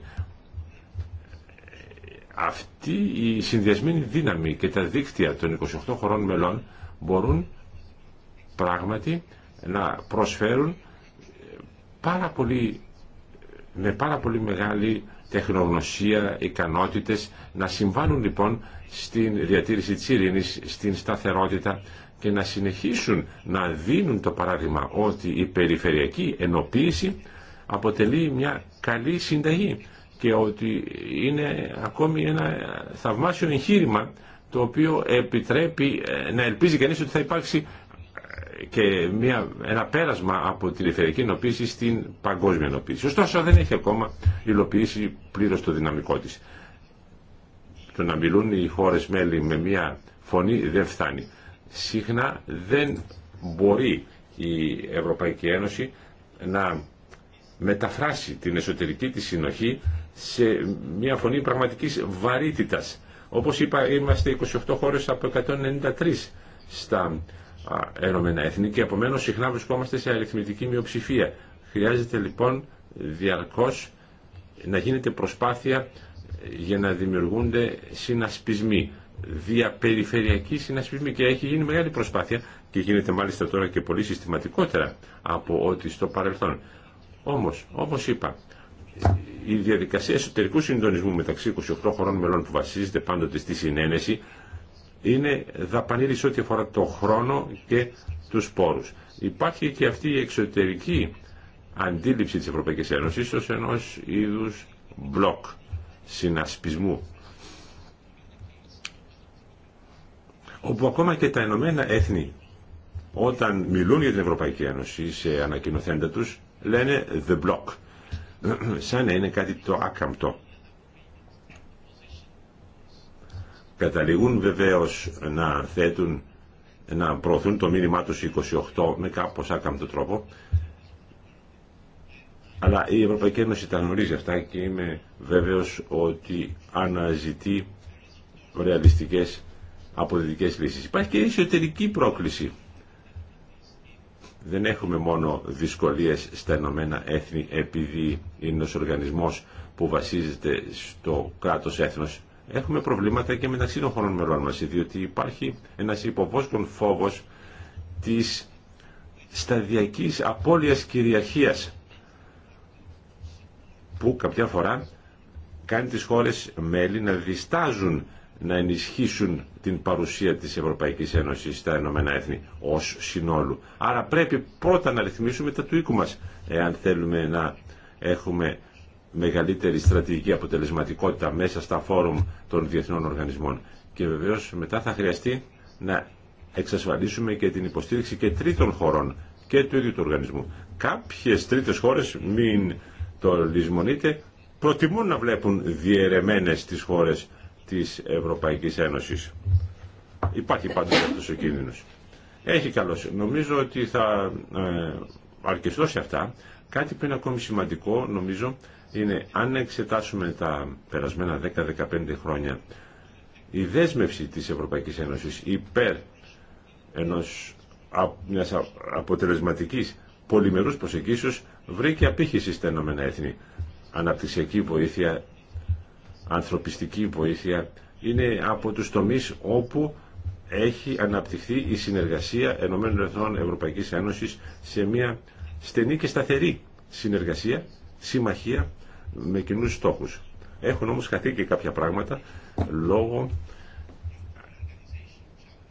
Αυτή η συνδυασμένη δύναμη και τα δίκτυα των 28 χωρών μελών μπορούν πράγματι να προσφέρουν ε, πάρα πολύ, με πάρα πολύ μεγάλη τεχνογνωσία, ικανότητες, να συμβάλλουν λοιπόν στην διατήρηση της ειρήνης, στην σταθερότητα, και να συνεχίσουν να δίνουν το παράδειγμα ότι η περιφερειακή ενοποίηση αποτελεί μια καλή συνταγή και ότι είναι ακόμη ένα θαυμάσιο εγχείρημα το οποίο επιτρέπει ε, να ελπίζει κανείς ότι θα υπάρξει ε, και μια, ένα πέρασμα από τη περιφερειακή ενοποίηση στην παγκόσμια ενοποίηση. Ωστόσο δεν έχει ακόμα υλοποιήσει πλήρως το δυναμικό της. Το να μιλούν οι χώρες μέλη με μια φωνή δεν φτάνει συχνά δεν μπορεί η Ευρωπαϊκή Ένωση να μεταφράσει την εσωτερική της συνοχή σε μια φωνή πραγματικής βαρύτητας. Όπως είπα, είμαστε 28 χώρες από 193 στα Ενωμένα ΕΕ Έθνη και επομένως συχνά βρισκόμαστε σε αριθμητική μειοψηφία. Χρειάζεται λοιπόν διαρκώς να γίνεται προσπάθεια για να δημιουργούνται συνασπισμοί διαπεριφερειακή συνασπισμή και έχει γίνει μεγάλη προσπάθεια και γίνεται μάλιστα τώρα και πολύ συστηματικότερα από ό,τι στο παρελθόν. Όμως, όπως είπα, η διαδικασία εσωτερικού συντονισμού μεταξύ 28 χωρών μελών που βασίζεται πάντοτε στη συνένεση είναι δαπανήρης ό,τι αφορά το χρόνο και τους πόρους. Υπάρχει και αυτή η εξωτερική αντίληψη της Ευρωπαϊκής Ένωσης ως ενός είδους μπλοκ συνασπισμού όπου ακόμα και τα Ηνωμένα Έθνη όταν μιλούν για την Ευρωπαϊκή Ένωση σε ανακοινοθέντα τους λένε the block σαν να είναι κάτι το άκαμπτο καταλήγουν βεβαίως να θέτουν να προωθούν το μήνυμά τους 28 με κάπως άκαμπτο τρόπο αλλά η Ευρωπαϊκή Ένωση τα γνωρίζει αυτά και είμαι βέβαιος ότι αναζητεί ρεαλιστικές από δυτικέ λύσει. Υπάρχει και εσωτερική πρόκληση. Δεν έχουμε μόνο δυσκολίε στα Ηνωμένα Έθνη επειδή είναι ο οργανισμός που βασίζεται στο κράτος έθνο. Έχουμε προβλήματα και μεταξύ των χωρών μελών μα, διότι υπάρχει ένας υποβόσκον φόβο της σταδιακής απώλειας κυριαρχίας που κάποια φορά κάνει τις χώρες μέλη να διστάζουν να ενισχύσουν την παρουσία της Ευρωπαϊκής Ένωσης στα Ηνωμένα Έθνη ως συνόλου. Άρα πρέπει πρώτα να ρυθμίσουμε τα του οίκου μας, εάν θέλουμε να έχουμε μεγαλύτερη στρατηγική αποτελεσματικότητα μέσα στα φόρουμ των διεθνών οργανισμών. Και βεβαίως μετά θα χρειαστεί να εξασφαλίσουμε και την υποστήριξη και τρίτων χωρών και του ίδιου του οργανισμού. Κάποιες τρίτες χώρες, μην το λησμονείτε, προτιμούν να βλέπουν διαιρεμένες τις χώρες της Ευρωπαϊκής Ένωσης. Υπάρχει πάντως αυτός ο κίνδυνος. Έχει καλώς. Νομίζω ότι θα ε, αρκεστώ σε αυτά. Κάτι που είναι ακόμη σημαντικό νομίζω είναι αν εξετάσουμε τα περασμένα 10-15 χρόνια η δέσμευση της Ευρωπαϊκής Ένωσης υπέρ ενός μιας αποτελεσματικής πολυμερούς προσεγγίσεως βρήκε απήχηση στα Ηνωμένα Έθνη. Αναπτυξιακή βοήθεια, ανθρωπιστική βοήθεια είναι από τους τομείς όπου έχει αναπτυχθεί η συνεργασία Ενωμένων Εθνών Ευρωπαϊκής Ένωσης σε μια στενή και σταθερή συνεργασία, συμμαχία με κοινούς στόχους. Έχουν όμως χαθεί και κάποια πράγματα λόγω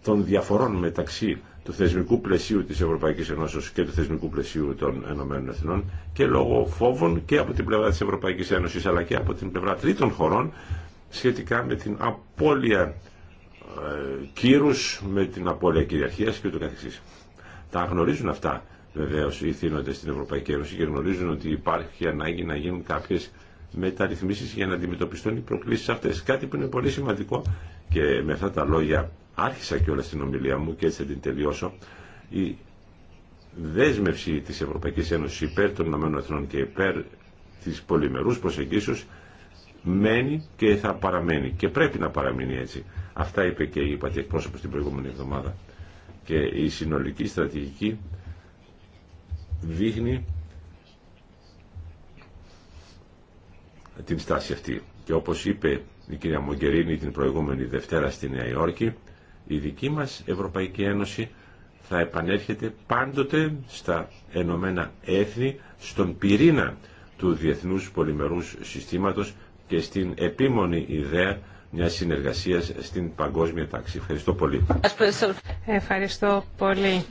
των διαφορών μεταξύ του θεσμικού πλαισίου της Ευρωπαϊκής Ένωσης και του θεσμικού πλαισίου των Ενωμένων Εθνών και λόγω φόβων και από την πλευρά της Ευρωπαϊκής Ένωσης αλλά και από την πλευρά τρίτων χωρών σχετικά με την απώλεια ε, κύρους, με την απώλεια κυριαρχίας και ούτω καθεξής. Τα γνωρίζουν αυτά βεβαίω οι θύνοντες στην Ευρωπαϊκή Ένωση και γνωρίζουν ότι υπάρχει ανάγκη να γίνουν κάποιες μεταρρυθμίσεις για να αντιμετωπιστούν οι προκλήσεις αυτές. Κάτι που είναι πολύ σημαντικό και με αυτά τα λόγια άρχισα και όλα στην ομιλία μου και έτσι θα την τελειώσω, η δέσμευση της Ευρωπαϊκής Ένωσης υπέρ των ΗΠΑ και υπέρ της πολυμερούς προσεγγίσεως μένει και θα παραμένει και πρέπει να παραμείνει έτσι. Αυτά είπε και η υπατή εκπρόσωπος την προηγούμενη εβδομάδα. Και η συνολική στρατηγική δείχνει την στάση αυτή. Και όπως είπε η κυρία Μογκερίνη την προηγούμενη Δευτέρα στη Νέα Υόρκη, η δική μας Ευρωπαϊκή Ένωση θα επανέρχεται πάντοτε στα Ενωμένα Έθνη, στον πυρήνα του Διεθνούς Πολυμερούς Συστήματος και στην επίμονη ιδέα μια συνεργασία στην παγκόσμια τάξη. Ευχαριστώ πολύ. Ευχαριστώ πολύ.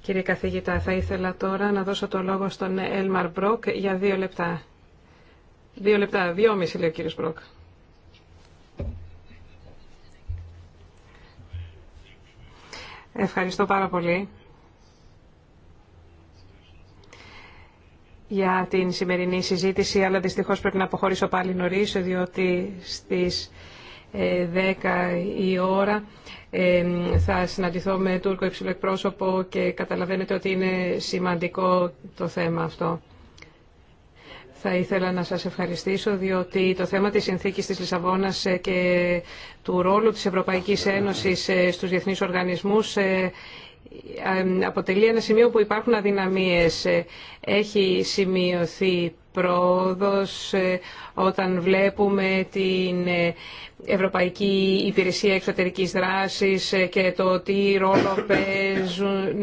Κύριε καθηγητά, θα ήθελα τώρα να δώσω το λόγο στον Έλμαρ Μπρόκ για δύο λεπτά. Δύο λεπτά, δυόμιση λέει ο κύριος Μπρόκ. Ευχαριστώ πάρα πολύ για την σημερινή συζήτηση, αλλά δυστυχώς πρέπει να αποχωρήσω πάλι νωρίς, διότι στις 10 ε, η ώρα ε, θα συναντηθώ με Τούρκο υψηλό εκπρόσωπο και καταλαβαίνετε ότι είναι σημαντικό το θέμα αυτό. Θα ήθελα να σας ευχαριστήσω διότι το θέμα της συνθήκης της Λισαβόνας ε, και του ρόλου της Ευρωπαϊκής Ένωσης ε, στους διεθνείς οργανισμούς ε, αποτελεί ένα σημείο που υπάρχουν αδυναμίες. Έχει σημειωθεί πρόοδος ε, όταν βλέπουμε την ε, Ευρωπαϊκή Υπηρεσία Εξωτερικής Δράσης ε, και το τι ρόλο παίζουν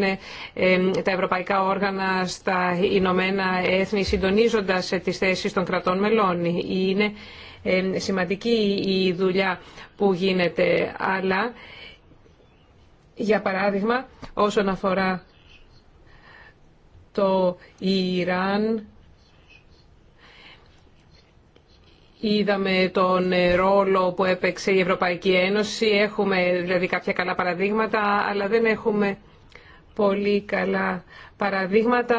τα ευρωπαϊκά όργανα στα Ηνωμένα Έθνη συντονίζοντας τις θέσεις των κρατών μελών. Είναι σημαντική η δουλειά που γίνεται, αλλά για παράδειγμα όσον αφορά το Ιράν Είδαμε τον ε, ρόλο που έπαιξε η Ευρωπαϊκή Ένωση. Έχουμε δηλαδή κάποια καλά παραδείγματα, αλλά δεν έχουμε πολύ καλά παραδείγματα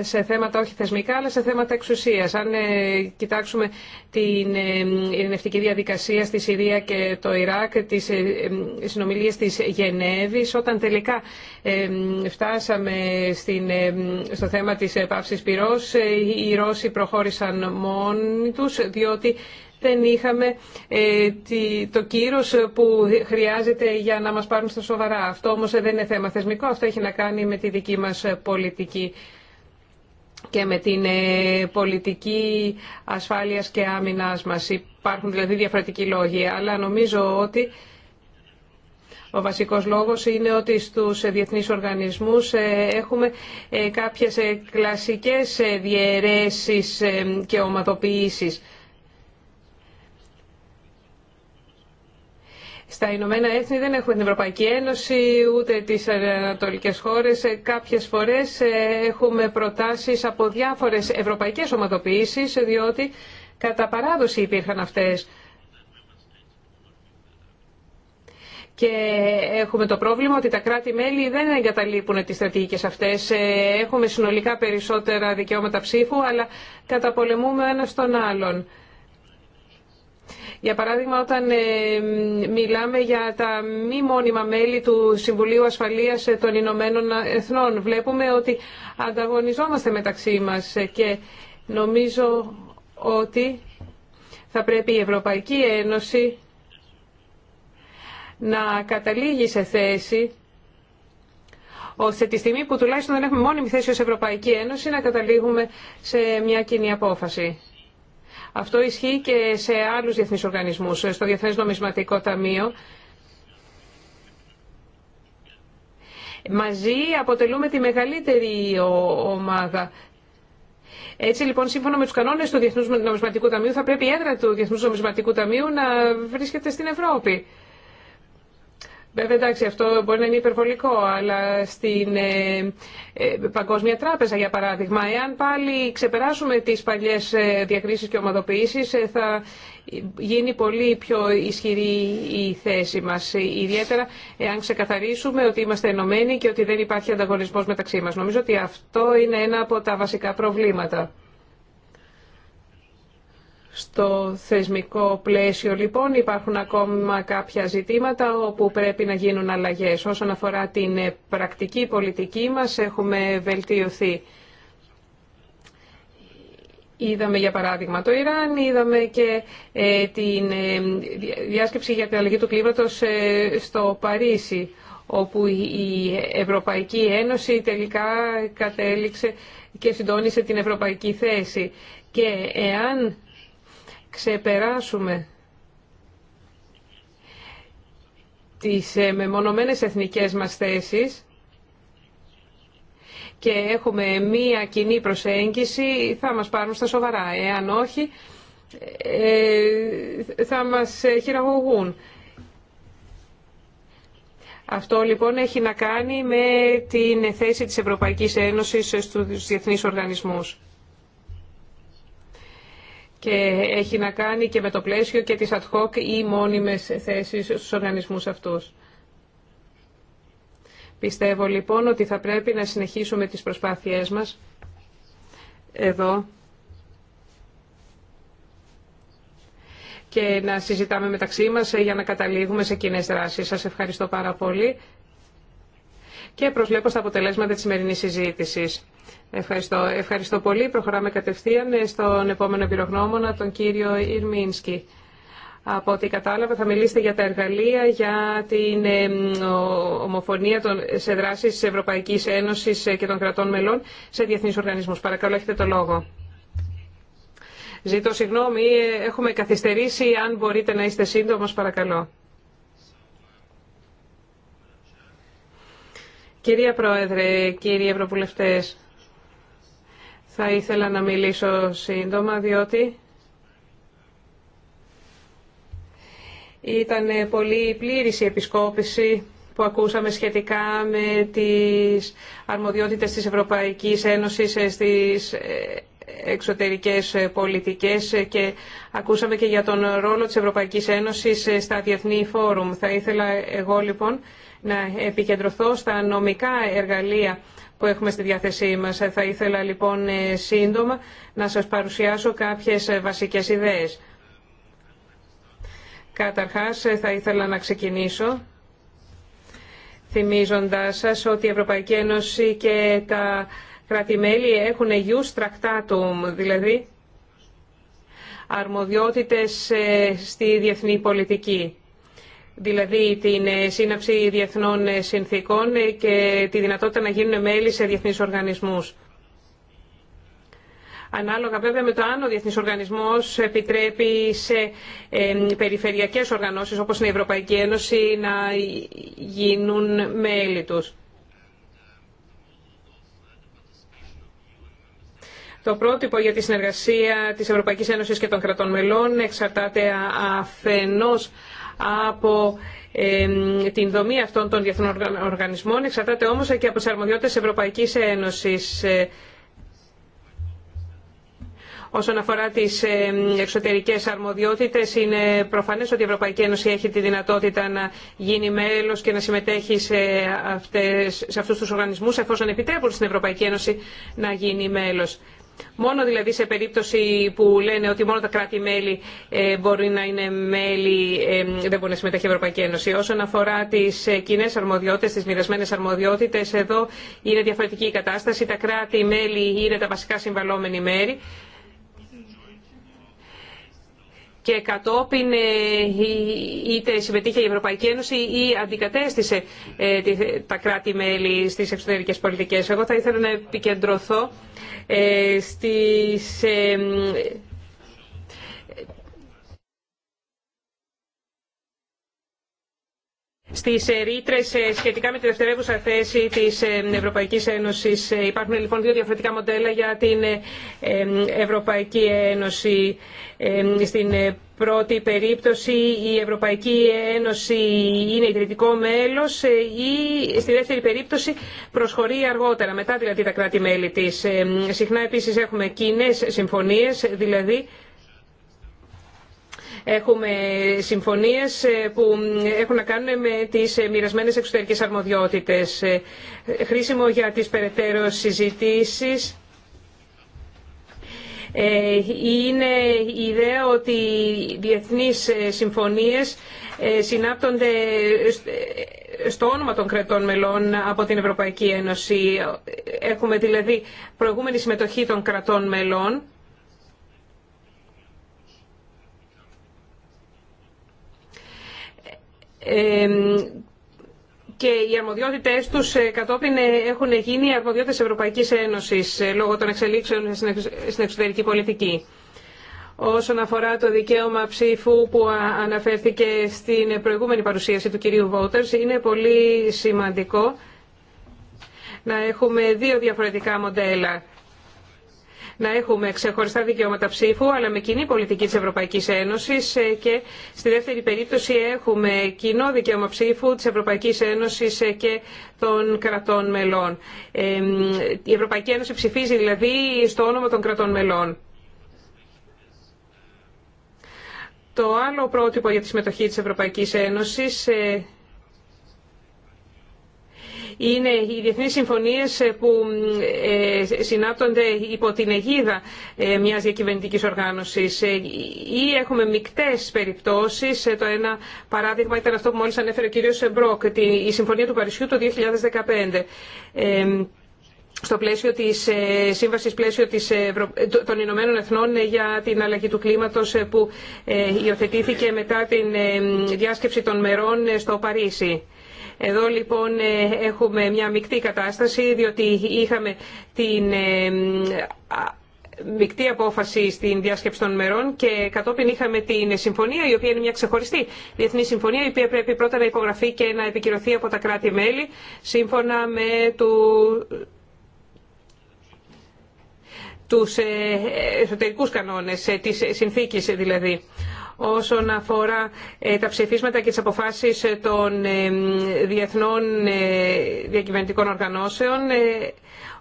σε θέματα όχι θεσμικά αλλά σε θέματα εξουσίας. Αν ε, κοιτάξουμε την ε, ειρηνευτική διαδικασία στη Συρία και το Ιράκ, τις ε, συνομιλίες της Γενέβης, όταν τελικά φτάσαμε στο θέμα της πάυσης πυρός, οι Ρώσοι προχώρησαν μόνοι τους διότι δεν είχαμε ε, το κύρος που χρειάζεται για να μας πάρουν στα σοβαρά. Αυτό όμως δεν είναι θέμα θεσμικό, αυτό έχει να κάνει με τη δική μας πολιτική και με την ε, πολιτική ασφάλειας και άμυνας μας. Υπάρχουν δηλαδή διαφορετικοί λόγοι, αλλά νομίζω ότι ο βασικός λόγος είναι ότι στους διεθνείς οργανισμούς ε, έχουμε κάποιες κλασικές διαιρέσεις και ομαδοποιήσεις. Στα Ηνωμένα Έθνη δεν έχουμε την Ευρωπαϊκή Ένωση, ούτε τις ανατολικές χώρες. Ε, κάποιες φορές ε, έχουμε προτάσεις από διάφορες ευρωπαϊκές ομαδοποιήσεις, διότι κατά παράδοση υπήρχαν αυτές. Και έχουμε το πρόβλημα ότι τα κράτη-μέλη δεν εγκαταλείπουν τις στρατηγικές αυτές. Ε, έχουμε συνολικά περισσότερα δικαιώματα ψήφου, αλλά καταπολεμούμε ένα τον άλλον. Για παράδειγμα, όταν ε, μιλάμε για τα μη μόνιμα μέλη του Συμβουλίου Ασφαλείας ε, των Ηνωμένων Εθνών, βλέπουμε ότι ανταγωνιζόμαστε μεταξύ μας ε, και νομίζω ότι θα πρέπει η Ευρωπαϊκή Ένωση να καταλήγει σε θέση ώστε τη στιγμή που τουλάχιστον δεν έχουμε μόνιμη θέση ως Ευρωπαϊκή Ένωση να καταλήγουμε σε μια κοινή απόφαση. Αυτό ισχύει και σε άλλους διεθνείς οργανισμούς, στο Διεθνές Νομισματικό Ταμείο. Μαζί αποτελούμε τη μεγαλύτερη ομάδα. Έτσι λοιπόν, σύμφωνα με τους κανόνες του Διεθνούς Νομισματικού Ταμείου, θα πρέπει η έδρα του Διεθνούς Νομισματικού Ταμείου να βρίσκεται στην Ευρώπη. Βέβαια, εντάξει, αυτό μπορεί να είναι υπερβολικό, αλλά στην ε, ε, Παγκόσμια Τράπεζα, για παράδειγμα, εάν πάλι ξεπεράσουμε τις παλιές ε, διακρίσεις και ομαδοποιήσεις, θα γίνει πολύ πιο ισχυρή η θέση μας. Ιδιαίτερα εάν ξεκαθαρίσουμε ότι είμαστε ενωμένοι και ότι δεν υπάρχει ανταγωνισμός μεταξύ μας. Νομίζω ότι αυτό είναι ένα από τα βασικά προβλήματα. Στο θεσμικό πλαίσιο λοιπόν υπάρχουν ακόμα κάποια ζητήματα όπου πρέπει να γίνουν αλλαγές. Όσον αφορά την πρακτική πολιτική μας έχουμε βελτιωθεί. Είδαμε για παράδειγμα το Ιράν, είδαμε και ε, την ε, διάσκεψη για την αλλαγή του κλίματος ε, στο Παρίσι, όπου η Ευρωπαϊκή Ένωση τελικά κατέληξε και συντόνισε την ευρωπαϊκή θέση. Και εάν ξεπεράσουμε τις ε, μεμονωμένες εθνικές μας θέσεις και έχουμε μία κοινή προσέγγιση, θα μας πάρουν στα σοβαρά. Εάν όχι, ε, θα μας ε, χειραγωγούν. Αυτό λοιπόν έχει να κάνει με την θέση της Ευρωπαϊκής Ένωσης στους διεθνείς οργανισμούς και έχει να κάνει και με το πλαίσιο και τις ad hoc ή μόνιμες θέσεις στους οργανισμούς αυτούς. Πιστεύω λοιπόν ότι θα πρέπει να συνεχίσουμε τις προσπάθειές μας εδώ και να συζητάμε μεταξύ μας για να καταλήγουμε σε κοινέ δράσεις. Σας ευχαριστώ πάρα πολύ και προσλέπω στα αποτελέσματα της σημερινής συζήτησης. Ευχαριστώ. Ευχαριστώ πολύ. Προχωράμε κατευθείαν στον επόμενο πυρογνώμονα, τον κύριο Ιρμίνσκι. Από ό,τι κατάλαβα θα μιλήσετε για τα εργαλεία, για την ε, ομοφωνία των, σε δράσεις τη Ευρωπαϊκής Ένωσης ε, και των κρατών μελών σε διεθνείς οργανισμούς. Παρακαλώ, έχετε το λόγο. Ζητώ συγγνώμη, ε, έχουμε καθυστερήσει. Αν μπορείτε να είστε σύντομο, παρακαλώ. Κυρία Πρόεδρε, κύριοι Ευρωβουλευτές, θα ήθελα να μιλήσω σύντομα, διότι ήταν πολύ πλήρης η επισκόπηση που ακούσαμε σχετικά με τις αρμοδιότητες της Ευρωπαϊκής Ένωσης στις εξωτερικές πολιτικές και ακούσαμε και για τον ρόλο της Ευρωπαϊκής Ένωσης στα διεθνή φόρουμ. Θα ήθελα εγώ λοιπόν να επικεντρωθώ στα νομικά εργαλεία που έχουμε στη διάθεσή μας. Θα ήθελα λοιπόν ε, σύντομα να σας παρουσιάσω κάποιες ε, βασικές ιδέες. Καταρχάς ε, θα ήθελα να ξεκινήσω θυμίζοντάς σας ότι η Ευρωπαϊκή Ένωση και τα κράτη-μέλη έχουν γιους τρακτάτουμ, δηλαδή αρμοδιότητες στη διεθνή πολιτική δηλαδή την ε, σύναψη διεθνών ε, συνθήκων ε, και τη δυνατότητα να γίνουν μέλη σε διεθνείς οργανισμούς. Ανάλογα βέβαια με το αν ο διεθνής οργανισμός επιτρέπει σε περιφερειακές οργανώσεις όπως είναι η Ευρωπαϊκή Ένωση να γίνουν μέλη τους. Το πρότυπο για τη συνεργασία της Ευρωπαϊκής Ένωσης και των κρατών μελών εξαρτάται αφενός από την δομή αυτών των διεθνών οργανισμών, εξαρτάται όμως και από τις αρμοδιότητες Ευρωπαϊκής Ένωσης ε, όσον αφορά τις εξωτερικές αρμοδιότητες είναι προφανές ότι η Ευρωπαϊκή Ένωση έχει τη δυνατότητα να γίνει μέλος και να συμμετέχει σε, αυτές, σε αυτούς τους οργανισμούς εφόσον επιτρέπουν στην Ευρωπαϊκή Ένωση να γίνει μέλος. Μόνο δηλαδή σε περίπτωση που λένε ότι μόνο τα κράτη-μέλη ε, μπορεί να είναι μέλη, ε, δεν μπορεί να συμμετέχει η Ευρωπαϊκή Ένωση. Όσον αφορά τι ε, κοινέ αρμοδιότητε, τι μοιρασμένε αρμοδιότητε, εδώ είναι διαφορετική η κατάσταση. Τα κράτη-μέλη είναι τα βασικά συμβαλόμενη μέρη και κατόπιν ε, είτε συμμετείχε η Ευρωπαϊκή Ένωση ή αντικατέστησε ε, τα κράτη-μέλη στις εξωτερικές πολιτικές. Εγώ θα ήθελα να επικεντρωθώ ε, στις Στι ε, ρήτρε ε, σχετικά με τη δευτερεύουσα θέση της ε, Ευρωπαϊκής Ένωσης. Υπάρχουν λοιπόν δύο διαφορετικά μοντέλα για την Ευρωπαϊκή Ένωση. Στην πρώτη περίπτωση η Ευρωπαϊκή Ένωση είναι ιδρυτικό μέλος ή στη δεύτερη περίπτωση προσχωρεί αργότερα, μετά δηλαδή τα κράτη-μέλη τη. Συχνά επίσης έχουμε κοινέ συμφωνίε, δηλαδή Έχουμε συμφωνίες ε, που έχουν να κάνουν με τις ε, μοιρασμένες εξωτερικές αρμοδιότητες. Ε, χρήσιμο για τις περαιτέρω συζητήσεις είναι η ιδέα ότι οι διεθνείς συμφωνίες συνάπτονται στο όνομα των κρατών μελών από την Ευρωπαϊκή Ένωση. Έχουμε δηλαδή προηγούμενη συμμετοχή των κρατών μελών και οι αρμοδιότητες τους ε, κατόπιν ε, έχουν γίνει αρμοδιότητες Ευρωπαϊκής Ένωσης ε, λόγω των εξελίξεων στην εξωτερική πολιτική. Όσον αφορά το δικαίωμα ψήφου που αναφέρθηκε στην προηγούμενη παρουσίαση του κυρίου Βότερ, είναι πολύ σημαντικό να έχουμε δύο διαφορετικά μοντέλα να έχουμε ξεχωριστά δικαιώματα ψήφου, αλλά με κοινή πολιτική της Ευρωπαϊκής Ένωσης ε, και στη δεύτερη περίπτωση έχουμε κοινό δικαίωμα ψήφου της Ευρωπαϊκής Ένωσης ε, και των κρατών μελών. Ε, η Ευρωπαϊκή Ένωση ψηφίζει δηλαδή στο όνομα των κρατών μελών. Το άλλο πρότυπο για τη συμμετοχή της Ευρωπαϊκής Ένωσης είναι οι διεθνείς συμφωνίες ε, που ε, συνάπτονται υπό την αιγίδα ε, μιας διακυβερνητικής οργάνωσης ή έχουμε μικτές περιπτώσεις. Το ένα παράδειγμα ήταν αυτό που μόλις ανέφερε ο κύριος Μπρόκ, η Συμφωνία του Παρισιού το 2015 στο πλαίσιο της σύμβασης πλαίσιο της, των Ηνωμένων Εθνών για την αλλαγή του κλίματος που υιοθετήθηκε μετά την διάσκεψη των μερών στο Παρίσι. Εδώ λοιπόν ε, έχουμε μια μεικτή κατάσταση, διότι είχαμε την ε, μεικτή απόφαση στην διάσκεψη των μερών και κατόπιν είχαμε την συμφωνία, η οποία είναι μια ξεχωριστή διεθνή συμφωνία, η οποία πρέπει πρώτα να υπογραφεί και να επικυρωθεί από τα κράτη-μέλη, σύμφωνα με του τους ε, εσωτερικούς κανόνες της συνθήκης δηλαδή όσον αφορά ε, τα ψηφίσματα και τις αποφάσεις ε, των ε, διεθνών διακυβερνητικών οργανώσεων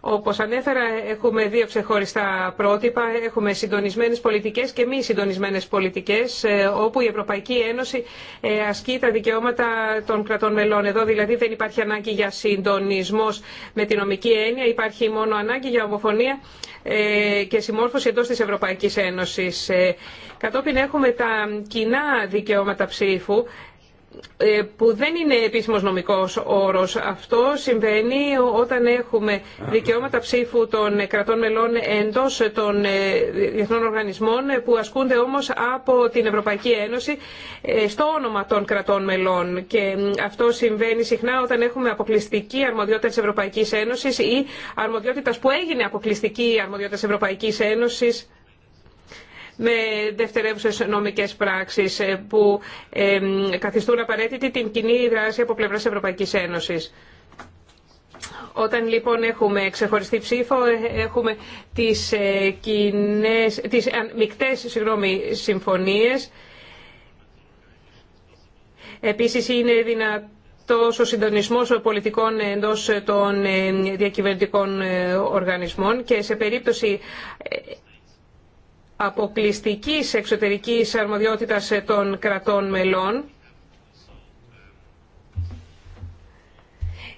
όπως ανέφερα, έχουμε δύο ξεχωριστά πρότυπα. Έχουμε συντονισμένες πολιτικές και μη συντονισμένες πολιτικές, ε, όπου η Ευρωπαϊκή Ένωση ε, ασκεί τα δικαιώματα των κρατών μελών. Εδώ δηλαδή δεν υπάρχει ανάγκη για συντονισμός με την νομική έννοια, υπάρχει μόνο ανάγκη για ομοφωνία ε, και συμμόρφωση εντός της Ευρωπαϊκής Ένωσης. Κατόπιν έχουμε τα κοινά δικαιώματα ψήφου, ε, που δεν είναι επίσημος νομικός όρος. Αυτό συμβαίνει όταν έχουμε δικαιώματα ψήφου των κρατών μελών εντός των ε, διεθνών οργανισμών ε, που ασκούνται όμως από την Ευρωπαϊκή Ένωση στο όνομα των κρατών μελών. Και αυτό συμβαίνει συχνά όταν έχουμε αποκλειστική αρμοδιότητα της Ευρωπαϊκής Ένωσης ή αρμοδιότητας που έγινε αποκλειστική αρμοδιότητα της Ευρωπαϊκής Ένωσης με δευτερεύουσες νομικές πράξεις ε, που καθιστούν απαραίτητη την κοινή δράση από πλευράς Ευρωπαϊκής Ένωσης. Όταν λοιπόν έχουμε ξεχωριστή ψήφο, ε, έχουμε τις, ε, κοινές, τις μικτές συγγνώμη, συμφωνίες. Επίσης είναι δυνατός ο συντονισμός πολιτικών εντός των διακυβερνητικών οργανισμών και σε περίπτωση αποκλειστικής εξωτερικής αρμοδιότητας των κρατών μελών.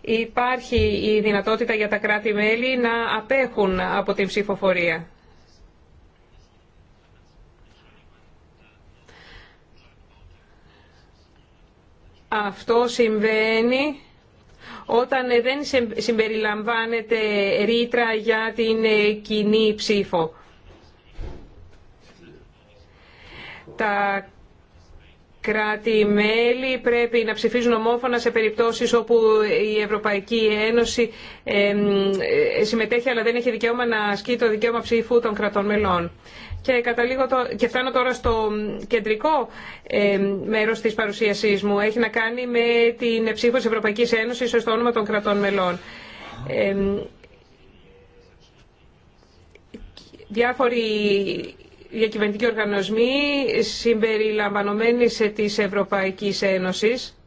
Υπάρχει η δυνατότητα για τα κράτη-μέλη να απέχουν από την ψηφοφορία. Αυτό συμβαίνει όταν δεν συμπεριλαμβάνεται ρήτρα για την κοινή ψήφο. Τα κράτη-μέλη πρέπει να ψηφίζουν ομόφωνα σε περιπτώσεις όπου η Ευρωπαϊκή Ένωση ε, συμμετέχει αλλά δεν έχει δικαίωμα να ασκεί το δικαίωμα ψήφου των κρατών μελών. Και, καταλήγω το, και φτάνω τώρα στο κεντρικό ε, μέρος της παρουσίασής μου. Έχει να κάνει με την ψήφο της Ευρωπαϊκής Ένωσης στο όνομα των κρατών μελών. Ε, διάφοροι διακυβερνητικοί οργανισμοί συμπεριλαμβανομένης της Ευρωπαϊκής Ένωσης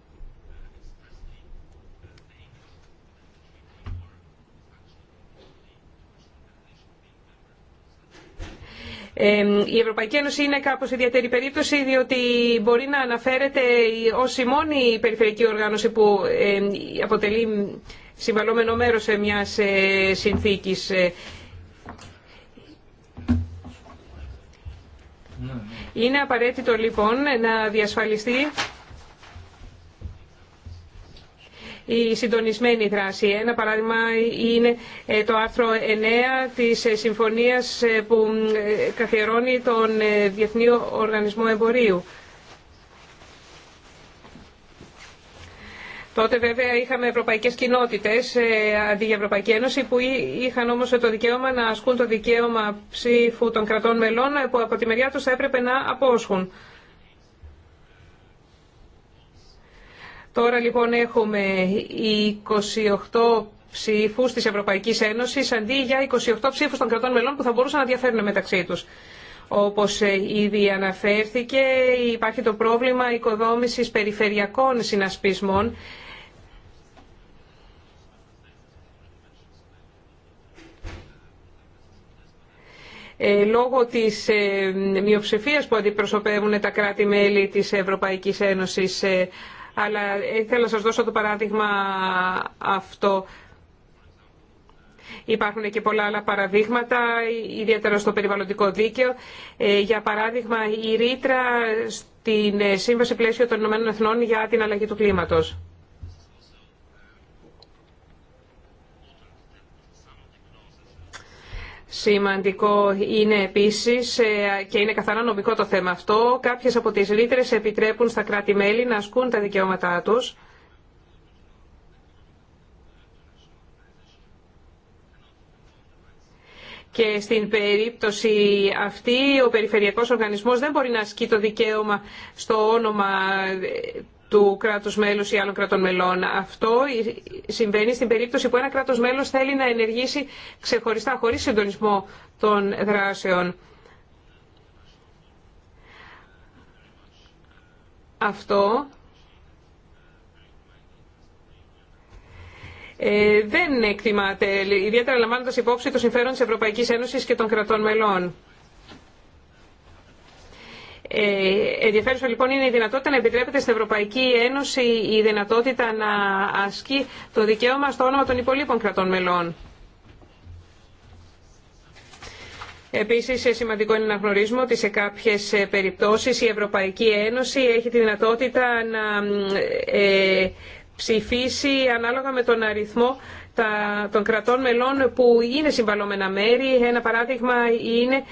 η Ευρωπαϊκή Ένωση είναι κάπως ιδιαίτερη περίπτωση διότι μπορεί να αναφέρεται ως η μόνη περιφερειακή οργάνωση που αποτελεί συμβαλόμενο μέρος σε μιας ε, συνθήκης. Ε, Είναι απαραίτητο λοιπόν να διασφαλιστεί η συντονισμένη δράση. Ένα παράδειγμα είναι ε, το άρθρο 9 της ε, συμφωνίας ε, που καθιερώνει τον Διεθνή Οργανισμό Εμπορίου. Τότε βέβαια είχαμε ευρωπαϊκές κοινότητες ε, αντί για Ευρωπαϊκή Ένωση που είχαν όμως το δικαίωμα να ασκούν το δικαίωμα ψήφου των κρατών μελών ε, που από τη μεριά τους θα έπρεπε να απόσχουν. Τώρα λοιπόν έχουμε 28 ψήφους της Ευρωπαϊκής Ένωσης αντί για 28 ψήφους των κρατών μελών που θα μπορούσαν να διαφέρουν μεταξύ τους. Όπως ε, ήδη αναφέρθηκε, υπάρχει το πρόβλημα οικοδόμησης περιφερειακών συνασπισμών Ε, λόγω της ε, μειοψηφίας που αντιπροσωπεύουν τα κράτη-μέλη της Ευρωπαϊκής Ένωσης. Ε, αλλά ήθελα να σας δώσω το παράδειγμα αυτό. Υπάρχουν και πολλά άλλα παραδείγματα, ιδιαίτερα στο περιβαλλοντικό δίκαιο. Για παράδειγμα, η ρήτρα στην Σύμβαση Πλαίσιο των Ηνωμένων Εθνών για την αλλαγή του κλίματος. Σημαντικό είναι επίσης ε, και είναι καθαρά νομικό το θέμα αυτό. Κάποιε από τις ρήτρε επιτρέπουν στα κράτη-μέλη να ασκούν τα δικαιώματά τους. Και στην περίπτωση αυτή ο Περιφερειακός Οργανισμός δεν μπορεί να ασκεί το δικαίωμα στο όνομα ε, του κράτου μέλου ή άλλων κρατών μελών. Αυτό συμβαίνει στην περίπτωση που ένα κράτο μέλο θέλει να ενεργήσει ξεχωριστά, χωρί συντονισμό των δράσεων. Αυτό ε, δεν εκτιμάται, ιδιαίτερα λαμβάνοντα υπόψη το συμφέρον τη Ευρωπαϊκή Ένωση και των κρατών μελών. Ε, ενδιαφέρουσα λοιπόν είναι η δυνατότητα να επιτρέπεται στην Ευρωπαϊκή Ένωση η δυνατότητα να ασκεί το δικαίωμα στο όνομα των υπολείπων κρατών μελών. Επίση, σημαντικό είναι να γνωρίζουμε ότι σε κάποιες ε, περιπτώσεις η Ευρωπαϊκή Ένωση έχει τη δυνατότητα να ε, ψηφίσει ανάλογα με τον αριθμό των κρατών μελών που είναι συμβαλόμενα μέρη. Ένα παράδειγμα είναι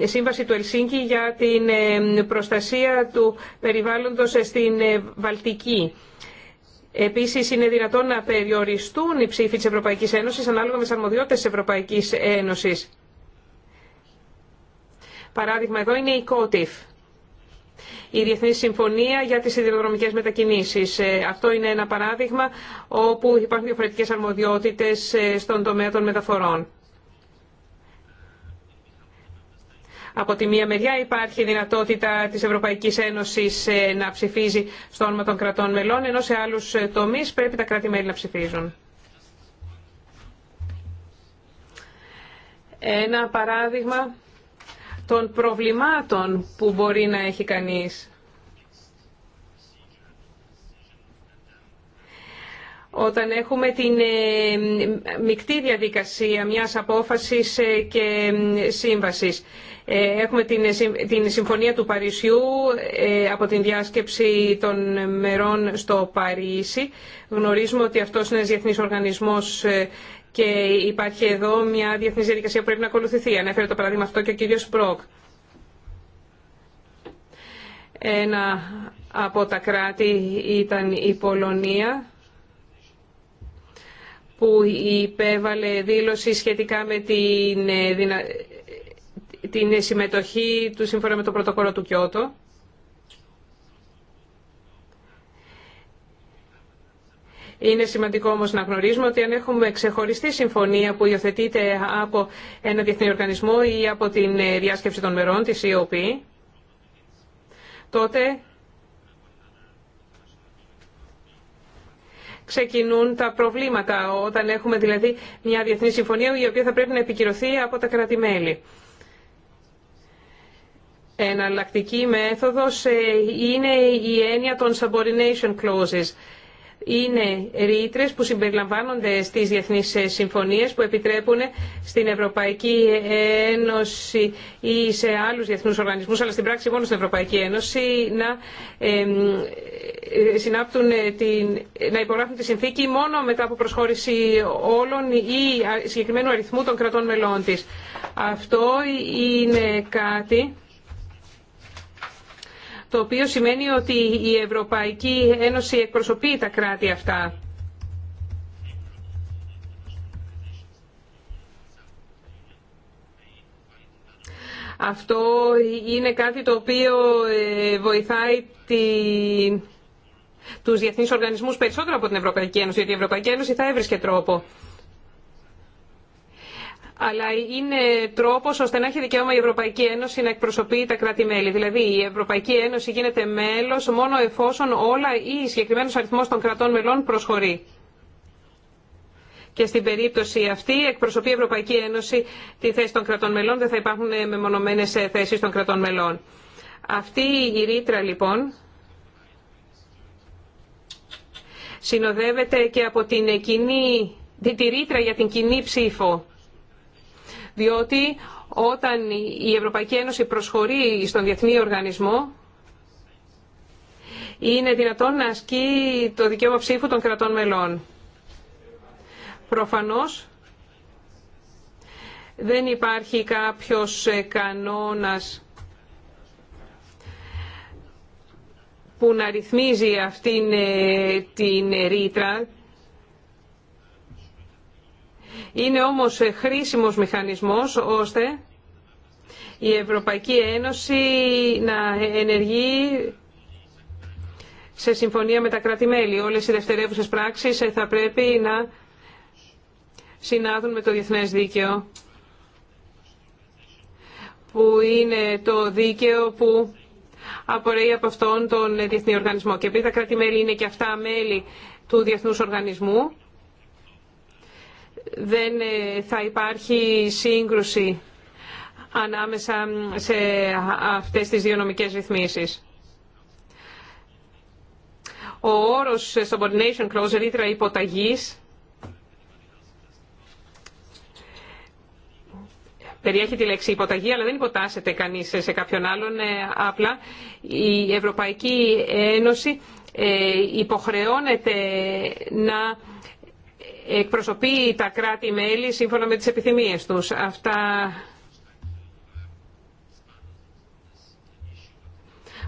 η Σύμβαση του Ελσίνκη για την ε, προστασία του περιβάλλοντος στην ε, Βαλτική. Επίση, είναι δυνατόν να περιοριστούν οι ψήφοι τη Ευρωπαϊκή Ένωση ανάλογα με τι αρμοδιότητε τη Ευρωπαϊκή Ένωση. Παράδειγμα εδώ είναι η ΚΟΤΙΦ η Διεθνή Συμφωνία για τις Μετακινήσει. Μετακινήσεις. Ε, αυτό είναι ένα παράδειγμα όπου υπάρχουν διαφορετικές αρμοδιότητες ε, στον τομέα των μεταφορών. Από τη μία μεριά υπάρχει δυνατότητα της Ευρωπαϊκής Ένωσης ε, να ψηφίζει στο όνομα των κρατών μελών, ενώ σε άλλους τομείς πρέπει τα κράτη-μέλη να ψηφίζουν. Ένα παράδειγμα των προβλημάτων που μπορεί να έχει κανείς. Όταν έχουμε την ε, μεικτή διαδικασία μιας απόφασης ε, και σύμβασης. Ε, έχουμε την Συμφωνία του Παρισιού από την διάσκεψη των μερών στο Παρίσι. Γνωρίζουμε ότι αυτός είναι ένας διεθνής οργανισμός και υπάρχει εδώ μια διεθνή διαδικασία που πρέπει να ακολουθηθεί. Ανέφερε το παράδειγμα αυτό και ο κύριος Πρόκ. Ένα από τα κράτη ήταν η Πολωνία που υπέβαλε δήλωση σχετικά με την, ε, την συμμετοχή του σύμφωνα με το πρωτοκόλλο του Κιώτο. Είναι σημαντικό όμως να γνωρίζουμε ότι αν έχουμε ξεχωριστή συμφωνία που υιοθετείται από ένα διεθνή οργανισμό ή από την ε, διάσκεψη των μερών, τη EOP, τότε ξεκινούν τα προβλήματα όταν έχουμε δηλαδή μια διεθνή συμφωνία η οποία θα πρέπει να επικυρωθεί από τα κράτη-μέλη. Εναλλακτική μέθοδος ε, είναι η έννοια των subordination clauses είναι ρήτρε που συμπεριλαμβάνονται στις διεθνείς ε, συμφωνίες που επιτρέπουν στην Ευρωπαϊκή Ένωση ή σε άλλους διεθνού οργανισμούς, αλλά στην πράξη μόνο στην Ευρωπαϊκή Ένωση, να, ε, ε, την, να υπογράφουν τη συνθήκη μόνο μετά από προσχώρηση όλων ή συγκεκριμένου αριθμού των κρατών μελών της. Αυτό είναι κάτι το οποίο σημαίνει ότι η Ευρωπαϊκή Ένωση εκπροσωπεί τα κράτη αυτά. Αυτό είναι κάτι το οποίο ε, βοηθάει τη... τους διεθνείς οργανισμούς περισσότερο από την Ευρωπαϊκή Ένωση, γιατί η Ευρωπαϊκή Ένωση θα έβρισκε τρόπο αλλά είναι τρόπος ώστε να έχει δικαίωμα η Ευρωπαϊκή Ένωση να εκπροσωπεί τα κράτη-μέλη. Δηλαδή η Ευρωπαϊκή Ένωση γίνεται μέλος μόνο εφόσον όλα ή συγκεκριμένο αριθμός των κρατών μελών προσχωρεί. Και στην περίπτωση αυτή εκπροσωπεί η Ευρωπαϊκή Ένωση τη θέση των κρατών μελών, δεν θα υπάρχουν μεμονωμένες θέσει των κρατών μελών. Αυτή η ρήτρα λοιπόν συνοδεύεται και από την κοινή, τη ρήτρα για την κοινή ψήφο διότι όταν η Ευρωπαϊκή Ένωση προσχωρεί στον διεθνή οργανισμό, είναι δυνατόν να ασκεί το δικαίωμα ψήφου των κρατών μελών. Προφανώς δεν υπάρχει κάποιος ε, κανόνας που να ρυθμίζει αυτήν ε, την ρήτρα είναι όμως χρήσιμος μηχανισμός ώστε η Ευρωπαϊκή Ένωση να ενεργεί σε συμφωνία με τα κράτη-μέλη. Όλες οι δευτερεύουσες πράξεις θα πρέπει να συνάδουν με το διεθνές δίκαιο, που είναι το δίκαιο που απορρέει από αυτόν τον διεθνή οργανισμό. Και επειδή τα κράτη-μέλη είναι και αυτά μέλη του διεθνούς οργανισμού, δεν ε, θα υπάρχει σύγκρουση ανάμεσα σε αυτές τις δύο νομικές ρυθμίσεις. Ο όρος subordination clause, ρήτρα υποταγής, περιέχει τη λέξη υποταγή, αλλά δεν υποτάσσεται κανείς σε κάποιον άλλον. Ε, απλά η Ευρωπαϊκή Ένωση ε, υποχρεώνεται να εκπροσωπεί τα κράτη-μέλη σύμφωνα με τις επιθυμίες τους. Αυτά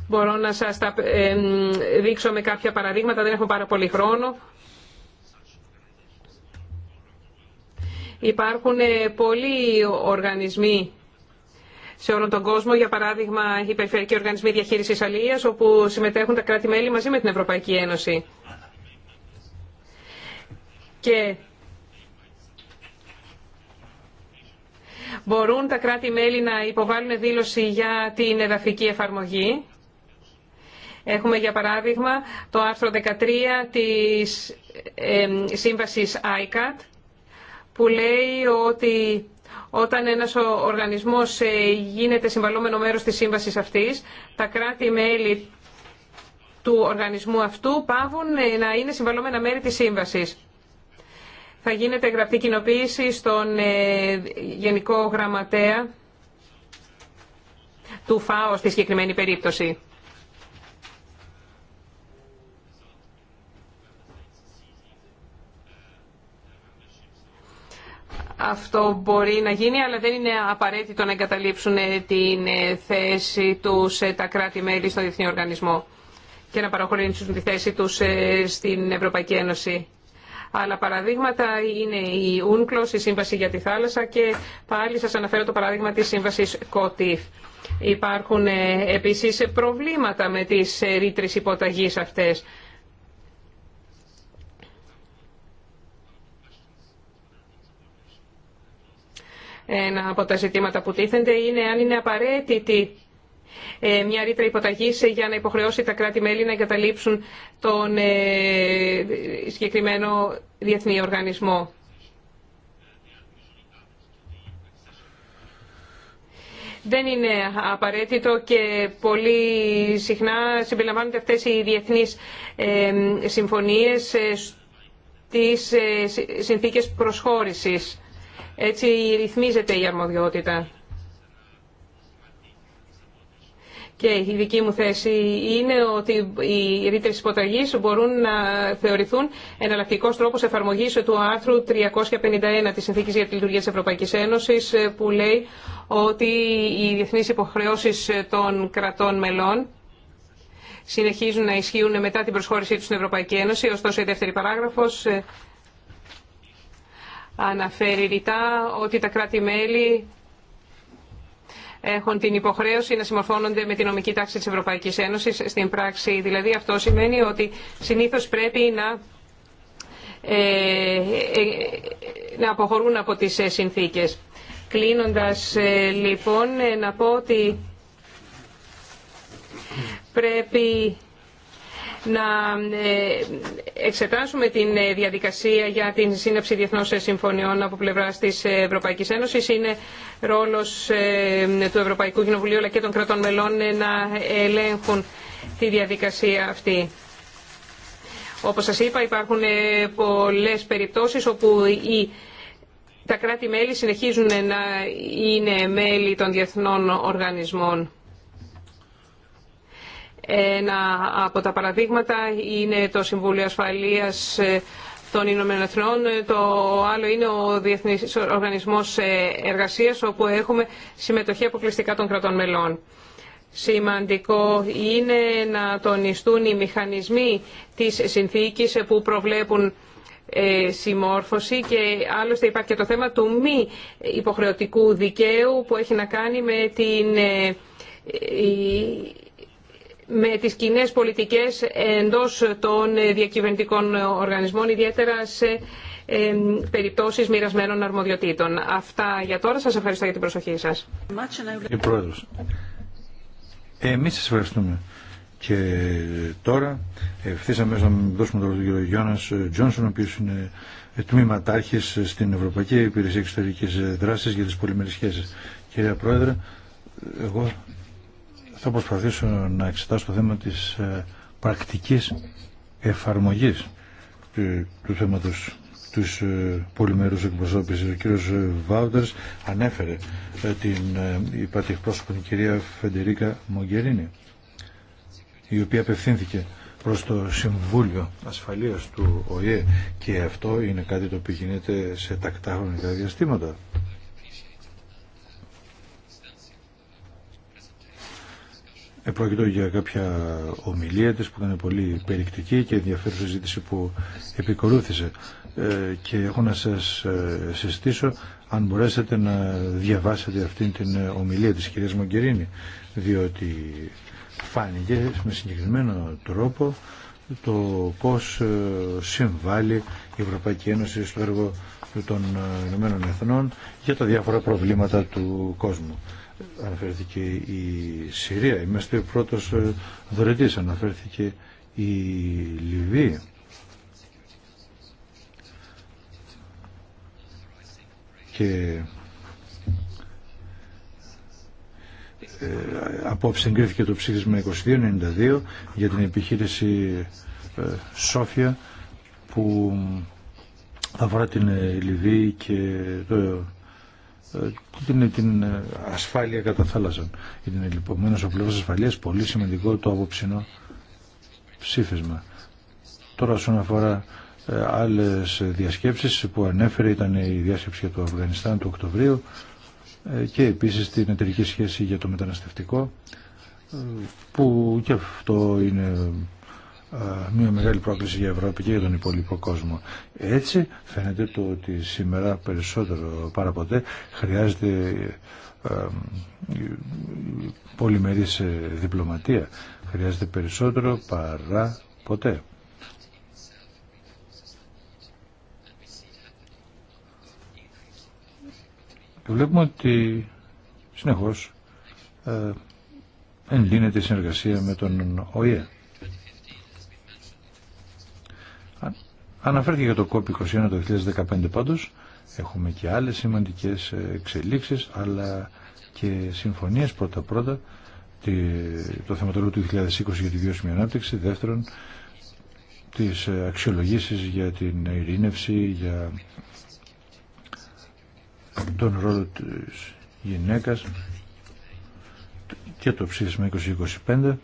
μπορώ να σας τα δείξω με κάποια παραδείγματα, δεν έχω πάρα πολύ χρόνο. Υπάρχουν ε, πολλοί οργανισμοί σε όλο τον κόσμο, για παράδειγμα οι περιφερειακοί οργανισμοί διαχείρισης αλληλείας, όπου συμμετέχουν τα κράτη-μέλη μαζί με την Ευρωπαϊκή Ένωση και μπορούν τα κράτη-μέλη να υποβάλουν δήλωση για την εδαφική εφαρμογή. Έχουμε για παράδειγμα το άρθρο 13 της σύμβασης ICAT που λέει ότι όταν ένας οργανισμός ε, γίνεται συμβαλόμενο μέρος της σύμβασης αυτής, τα κράτη-μέλη του οργανισμού αυτού πάβουν ε, να είναι συμβαλόμενα μέρη της σύμβασης θα γίνεται γραπτή κοινοποίηση στον ε, Γενικό Γραμματέα του ΦΑΟ στη συγκεκριμένη περίπτωση. Αυτό μπορεί να γίνει, αλλά δεν είναι απαραίτητο να εγκαταλείψουν ε, την ε, θέση τους τα κράτη-μέλη στον Διεθνή Οργανισμό και να παραχωρήσουν τη θέση τους στην Ευρωπαϊκή Ένωση. Αλλά παραδείγματα είναι η UNCLOS, η Σύμβαση για τη Θάλασσα και πάλι σας αναφέρω το παράδειγμα της Σύμβασης COTIF. Υπάρχουν ε, επίσης προβλήματα με τις ε, ρήτρες υποταγής αυτές. Ένα από τα ζητήματα που τίθενται είναι αν είναι απαραίτητη ε, μια ρήτρα υποταγής για να υποχρεώσει τα κράτη-μέλη να εγκαταλείψουν τον ε, συγκεκριμένο διεθνή οργανισμό. δεν είναι απαραίτητο και πολύ συχνά συμπεριλαμβάνονται αυτές οι διεθνείς ε, συμφωνίες στις συνθήκες προσχώρησης. Έτσι ρυθμίζεται η αρμοδιότητα. Και η δική μου θέση είναι ότι οι ρήτρε υποταγή μπορούν να θεωρηθούν εναλλακτικό τρόπο εφαρμογή του άρθρου 351 τη Συνθήκη για τη Λειτουργία τη Ευρωπαϊκή Ένωση, που λέει ότι οι διεθνεί υποχρεώσει των κρατών μελών συνεχίζουν να ισχύουν μετά την προσχώρησή του στην Ευρωπαϊκή Ένωση. Ωστόσο, η δεύτερη παράγραφο ε, αναφέρει ρητά ότι τα κράτη-μέλη έχουν την υποχρέωση να συμμορφώνονται με την νομική τάξη της Ευρωπαϊκής Ένωσης στην πράξη. Δηλαδή αυτό σημαίνει ότι συνήθως πρέπει να, ε, ε, να αποχωρούν από τις ε, συνθήκες. Κλείνοντας λοιπόν να πω ότι πρέπει να ε, εξετάσουμε την ε, διαδικασία για τη σύναψη διεθνών ε, συμφωνιών από πλευρά τη Ευρωπαϊκή Ένωση. Είναι ρόλο του Ευρωπαϊκού Κοινοβουλίου αλλά και των κρατών μελών να ελέγχουν τη διαδικασία αυτή. Όπως σας είπα υπάρχουν πολλές περιπτώσεις όπου οι τα κράτη-μέλη συνεχίζουν να είναι μέλη των διεθνών οργανισμών. Ένα από τα παραδείγματα είναι το Συμβούλιο Ασφαλείας ε, των Ηνωμένων Εθνών. Το άλλο είναι ο Διεθνής Οργανισμός ε, Εργασίας, όπου έχουμε συμμετοχή αποκλειστικά των κρατών μελών. Σημαντικό είναι να τονιστούν οι μηχανισμοί της συνθήκης που προβλέπουν ε, συμμόρφωση και άλλωστε υπάρχει και το θέμα του μη υποχρεωτικού δικαίου που έχει να κάνει με την με τις κοινέ πολιτικές εντός των διακυβερνητικών οργανισμών, ιδιαίτερα σε περιπτώσεις μοιρασμένων αρμοδιοτήτων. Αυτά για τώρα. Σας ευχαριστώ για την προσοχή σας. Η Πρόεδρος. Εμείς σας ευχαριστούμε. Και τώρα ευθύ αμέσω να δώσουμε το λόγο τον κύριο Γιώνα Τζόνσον, ο οποίο είναι τμήματάρχη στην Ευρωπαϊκή Υπηρεσία Εξωτερική Δράση για τι Πολυμερεί Σχέσει. Κύριε Πρόεδρε, εγώ θα προσπαθήσω να εξετάσω το θέμα της ε, πρακτικής εφαρμογής του, του θέματος τους ε, πολυμερούς εκπροσώπησης. Ο κύριος ε, Βάουτερς ανέφερε την υπάτη εκπρόσωπο κυρία Φεντερίκα Μογκερίνη η οποία απευθύνθηκε προς το Συμβούλιο Ασφαλείας του ΟΗΕ και αυτό είναι κάτι το οποίο γίνεται σε τακτά χρονικά διαστήματα. Επρόκειτο για κάποια ομιλία της που ήταν πολύ περιεκτική και ενδιαφέρουσα συζήτηση που επικολούθησε ε, και έχω να σας ε, συστήσω αν μπορέσετε να διαβάσετε αυτήν την ε, ομιλία της κυρίας Μογκερίνη διότι φάνηκε με συγκεκριμένο τρόπο το πώς συμβάλλει η Ευρωπαϊκή Ένωση στο έργο των Ηνωμένων Εθνών για τα διάφορα προβλήματα του κόσμου αναφέρθηκε η Συρία, είμαστε ο πρώτος ε, δωρετής, αναφέρθηκε η Λιβύη. Και ε, απόψε εγκρίθηκε το ψήφισμα 2292 για την επιχείρηση ε, Σόφια που αφορά την Λιβύη και το ε, την, την ε, ασφάλεια κατά θάλασσα. Είναι την ο πλευρό ασφαλεία, πολύ σημαντικό το απόψινο ψήφισμα. Τώρα, όσον αφορά ε, άλλε διασκέψει που ανέφερε, ήταν η διάσκεψη για το Αφγανιστάν του Οκτωβρίου και επίσης την εταιρική σχέση για το μεταναστευτικό που και αυτό είναι μια μεγάλη πρόκληση για Ευρώπη και για τον υπόλοιπο κόσμο. Έτσι φαίνεται το ότι σήμερα περισσότερο παρά ποτέ χρειάζεται ε, πολυμερής διπλωματία. Χρειάζεται περισσότερο παρά ποτέ. Και βλέπουμε ότι συνεχώς ε, ενλύνεται η συνεργασία με τον ΟΗΕ. Αναφέρθηκε για το COP21 το 2015 πάντως, έχουμε και άλλες σημαντικές εξελίξεις, αλλά και συμφωνίες πρώτα-πρώτα, το θεματολόγιο του 2020 για τη βιώσιμη ανάπτυξη, δεύτερον, τις αξιολογήσεις για την ειρήνευση, για τον ρόλο της γυναίκας και το ψήφισμα 2025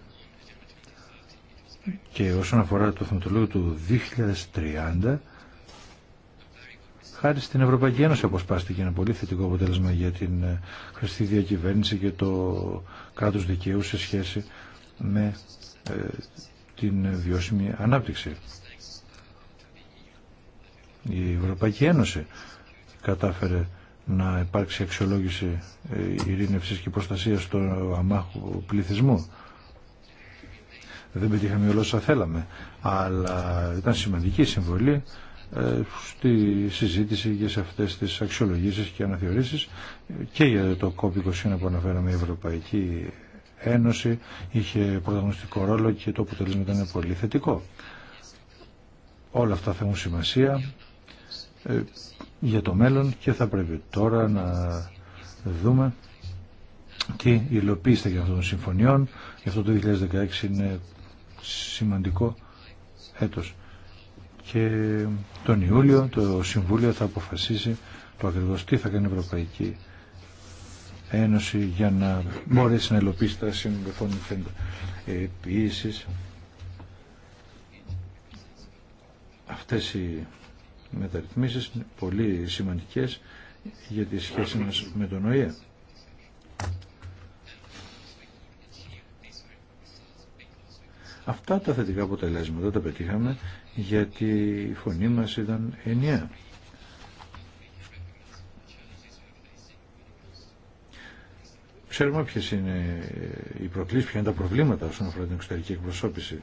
και όσον αφορά το θεματολόγιο του 2030 χάρη στην Ευρωπαϊκή Ένωση αποσπάστηκε ένα πολύ θετικό αποτέλεσμα για την ε, χρηστή διακυβέρνηση και το κράτος δικαίου σε σχέση με ε, την βιώσιμη ανάπτυξη. Η Ευρωπαϊκή Ένωση κατάφερε να υπάρξει αξιολόγηση ε, ειρήνευσης και προστασίας στο αμάχου πληθυσμού δεν πετύχαμε όλα όσα θέλαμε, αλλά ήταν σημαντική συμβολή ε, στη συζήτηση και σε αυτές τις αξιολογήσεις και αναθεωρήσεις και για το COP21 που αναφέραμε η Ευρωπαϊκή Ένωση είχε πρωταγωνιστικό ρόλο και το αποτελέσμα ήταν πολύ θετικό. Όλα αυτά θα έχουν σημασία ε, για το μέλλον και θα πρέπει τώρα να δούμε τι υλοποιήστε για αυτών των συμφωνιών. Γι' αυτό το 2016 είναι σημαντικό έτος. Και τον Ιούλιο το Συμβούλιο θα αποφασίσει το ακριβώς τι θα κάνει η Ευρωπαϊκή Ένωση για να μπορέσει να ελοπίσει τα συμφωνηθέντα. Επίσης, αυτές οι μεταρρυθμίσεις πολύ σημαντικές για τη σχέση μας με τον ΟΗΕ. Αυτά τα θετικά αποτελέσματα τα πετύχαμε γιατί η φωνή μας ήταν ενιαία. Ξέρουμε ποιε είναι οι προκλήσει, ποια είναι τα προβλήματα όσον αφορά την εξωτερική εκπροσώπηση.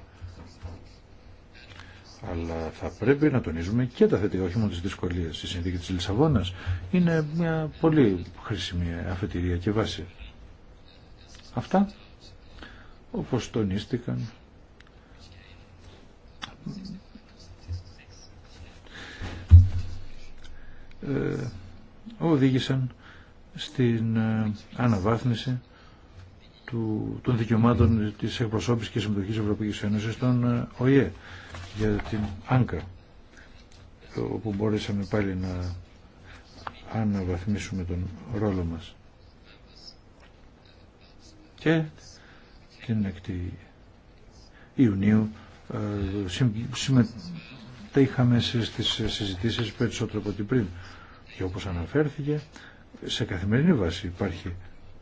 Αλλά θα πρέπει να τονίζουμε και τα θετικά, όχι μόνο τι δυσκολίε. Η συνθήκη τη Λισαβόνα είναι μια πολύ χρήσιμη αφετηρία και βάση. Αυτά όπως τονίστηκαν ε, οδήγησαν στην ε, αναβάθμιση του, των δικαιωμάτων της εκπροσώπησης και συμμετοχής Ευρωπαϊκής Ένωσης στον ε, ΟΗΕ για την ΆΝΚΑ όπου μπορέσαμε πάλι να αναβαθμίσουμε τον ρόλο μας και την 6η Ιουνίου ε, συμμετείχαμε στις συζητήσεις περισσότερο από ό,τι πριν. Και όπως αναφέρθηκε, σε καθημερινή βάση υπάρχει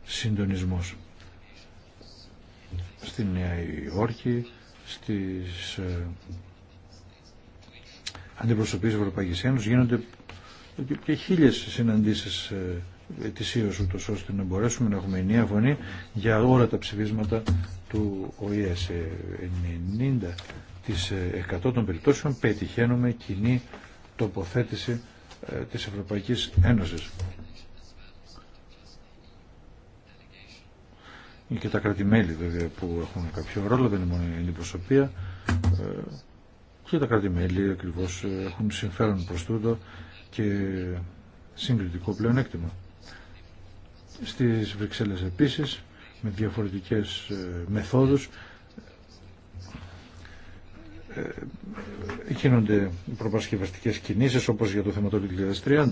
συντονισμός. Στην Νέα Υόρκη, στις ε, αντιπροσωπίες Ευρωπαϊκής Ένωσης γίνονται και χίλιες συναντήσεις ε, ετησίω ούτω ώστε να μπορέσουμε να έχουμε ενιαία φωνή για όλα τα ψηφίσματα του ΟΗΕ σε 90% ε, των περιπτώσεων πετυχαίνουμε κοινή τοποθέτηση ε, της Ευρωπαϊκής Ένωσης. και τα κρατημέλη βέβαια που έχουν κάποιο ρόλο, δεν είναι μόνο η αντιπροσωπεία. Ε, και τα κρατημέλη ακριβώς, έχουν συμφέρον προς τούτο και συγκριτικό πλεονέκτημα στις Βρυξέλλες επίσης με διαφορετικές ε, μεθόδους ε, γίνονται προπασκευαστικές κινήσεις όπως για το θέμα του 2030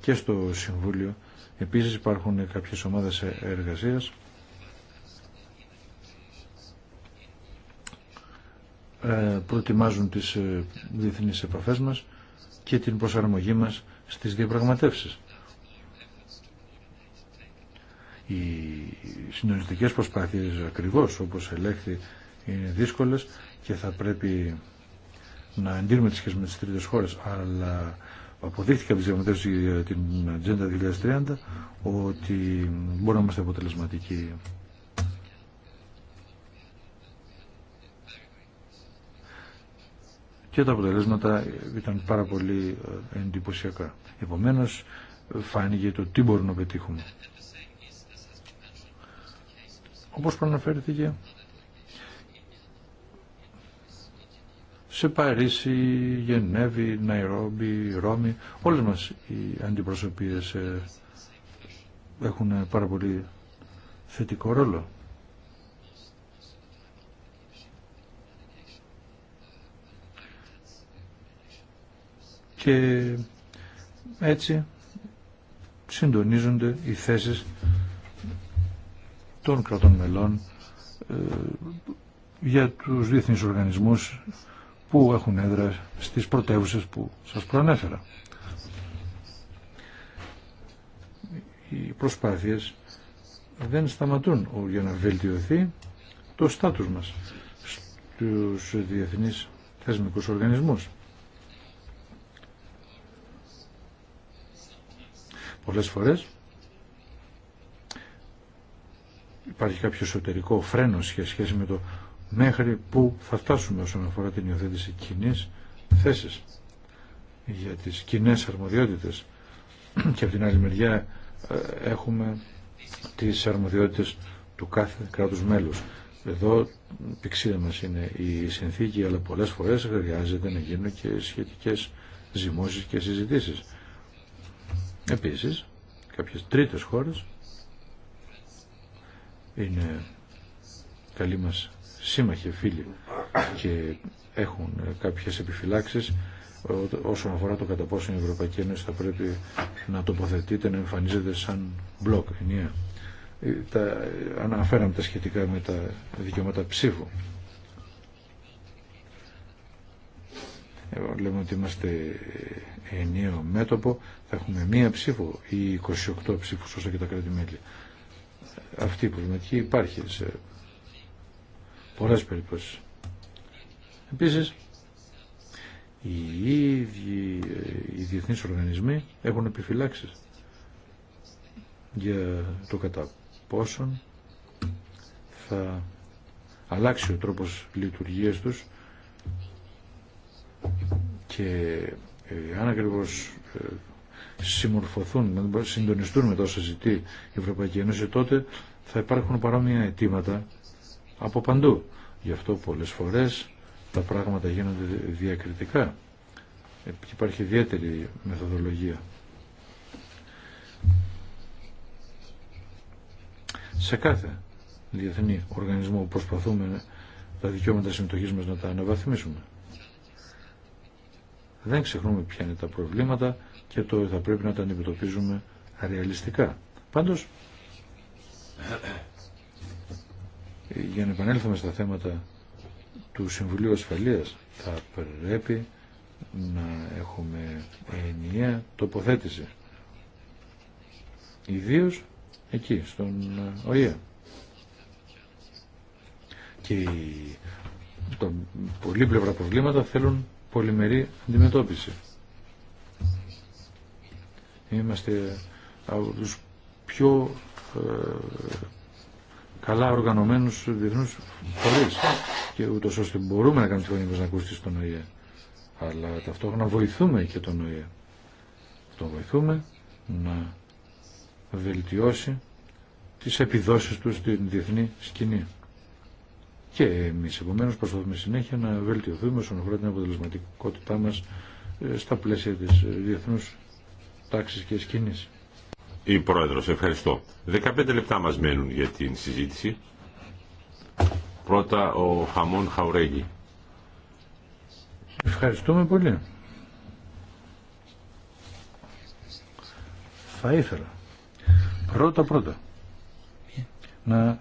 και στο Συμβούλιο επίσης υπάρχουν κάποιες ομάδες εργασίας ε, προετοιμάζουν τις διεθνείς επαφές μας και την προσαρμογή μας στις διαπραγματεύσεις. Οι συντονιστικές προσπάθειες ακριβώς όπως ελέγχθη είναι δύσκολες και θα πρέπει να εντείνουμε τις σχέσεις με τις τρίτες χώρες αλλά αποδείχθηκε από τις για την Agenda 2030 ότι μπορούμε να είμαστε αποτελεσματικοί. και τα αποτελέσματα ήταν πάρα πολύ εντυπωσιακά. Επομένως φάνηκε το τι μπορούμε να πετύχουμε όπως και σε Παρίσι, Γενέβη, Ναϊρόμπι, Ρώμη όλες μας οι αντιπροσωπείες ε, έχουν πάρα πολύ θετικό ρόλο και έτσι συντονίζονται οι θέσεις των κρατών μελών ε, για τους διεθνείς οργανισμούς που έχουν έδρα στις πρωτεύουσες που σας προανέφερα. Οι προσπάθειες δεν σταματούν για να βελτιωθεί το στάτους μας στους διεθνείς θεσμικούς οργανισμούς. Πολλές φορές υπάρχει κάποιο εσωτερικό φρένο σε σχέση με το μέχρι που θα φτάσουμε όσον αφορά την υιοθέτηση κοινή θέση για τις κοινέ αρμοδιότητες και από την άλλη μεριά ε, έχουμε τις αρμοδιότητες του κάθε κράτους μέλους. Εδώ πηξίδα μα είναι η συνθήκη, αλλά πολλές φορές χρειάζεται να γίνουν και σχετικές ζυμώσει και συζητήσει. Επίση, κάποιε τρίτε χώρε είναι καλοί μας σύμμαχοι, φίλοι και έχουν κάποιες επιφυλάξεις όσον αφορά το κατά πόσο η Ευρωπαϊκή Ένωση θα πρέπει να τοποθετείται, να εμφανίζεται σαν μπλοκ ενιαία. Ε, τα, αναφέραμε τα σχετικά με τα δικαιώματα ψήφου. Ε, λέμε ότι είμαστε ενιαίο μέτωπο, θα έχουμε μία ψήφο ή 28 ψήφους όσο και τα κράτη-μέλη αυτή η προβληματική υπάρχει σε πολλές περιπτώσεις. Επίσης, οι ίδιοι οι διεθνείς οργανισμοί έχουν επιφυλάξεις για το κατά πόσον θα αλλάξει ο τρόπος λειτουργίας τους και αν ακριβώς ε, συμμορφωθούν, να συντονιστούν με τόσα ζητεί η Ευρωπαϊκή Ένωση, τότε θα υπάρχουν παρόμοια αιτήματα από παντού. Γι' αυτό πολλές φορές τα πράγματα γίνονται διακριτικά. Ε, υπάρχει ιδιαίτερη μεθοδολογία. Σε κάθε διεθνή οργανισμό που προσπαθούμε τα δικαιώματα συμμετοχής μας να τα αναβαθμίσουμε. Δεν ξεχνούμε ποια είναι τα προβλήματα, και το θα πρέπει να τα αντιμετωπίζουμε ρεαλιστικά. Πάντως, για να επανέλθουμε στα θέματα του Συμβουλίου Ασφαλείας, θα πρέπει να έχουμε ενιαία τοποθέτηση. Ιδίως εκεί, στον ΟΗΕ. Και τα πλευρά προβλήματα θέλουν πολυμερή αντιμετώπιση. Είμαστε από τους πιο ε, καλά οργανωμένους διεθνούς φορείς και ούτως ώστε μπορούμε να κάνουμε τη φωνή μας να ακούσει στον ΟΗΕ. Αλλά ταυτόχρονα βοηθούμε και τον ΟΗΕ. Τον βοηθούμε να βελτιώσει τις επιδόσεις του στην διεθνή σκηνή. Και εμεί επομένω προσπαθούμε συνέχεια να βελτιωθούμε όσον αφορά την αποτελεσματικότητά μα ε, στα πλαίσια της ε, διεθνού τάξης και σκηνή. Η πρόεδρο, ευχαριστώ. 15 λεπτά μας μένουν για την συζήτηση. Πρώτα ο Χαμών Χαουρέγγι. Ευχαριστούμε πολύ. Θα ήθελα πρώτα πρώτα να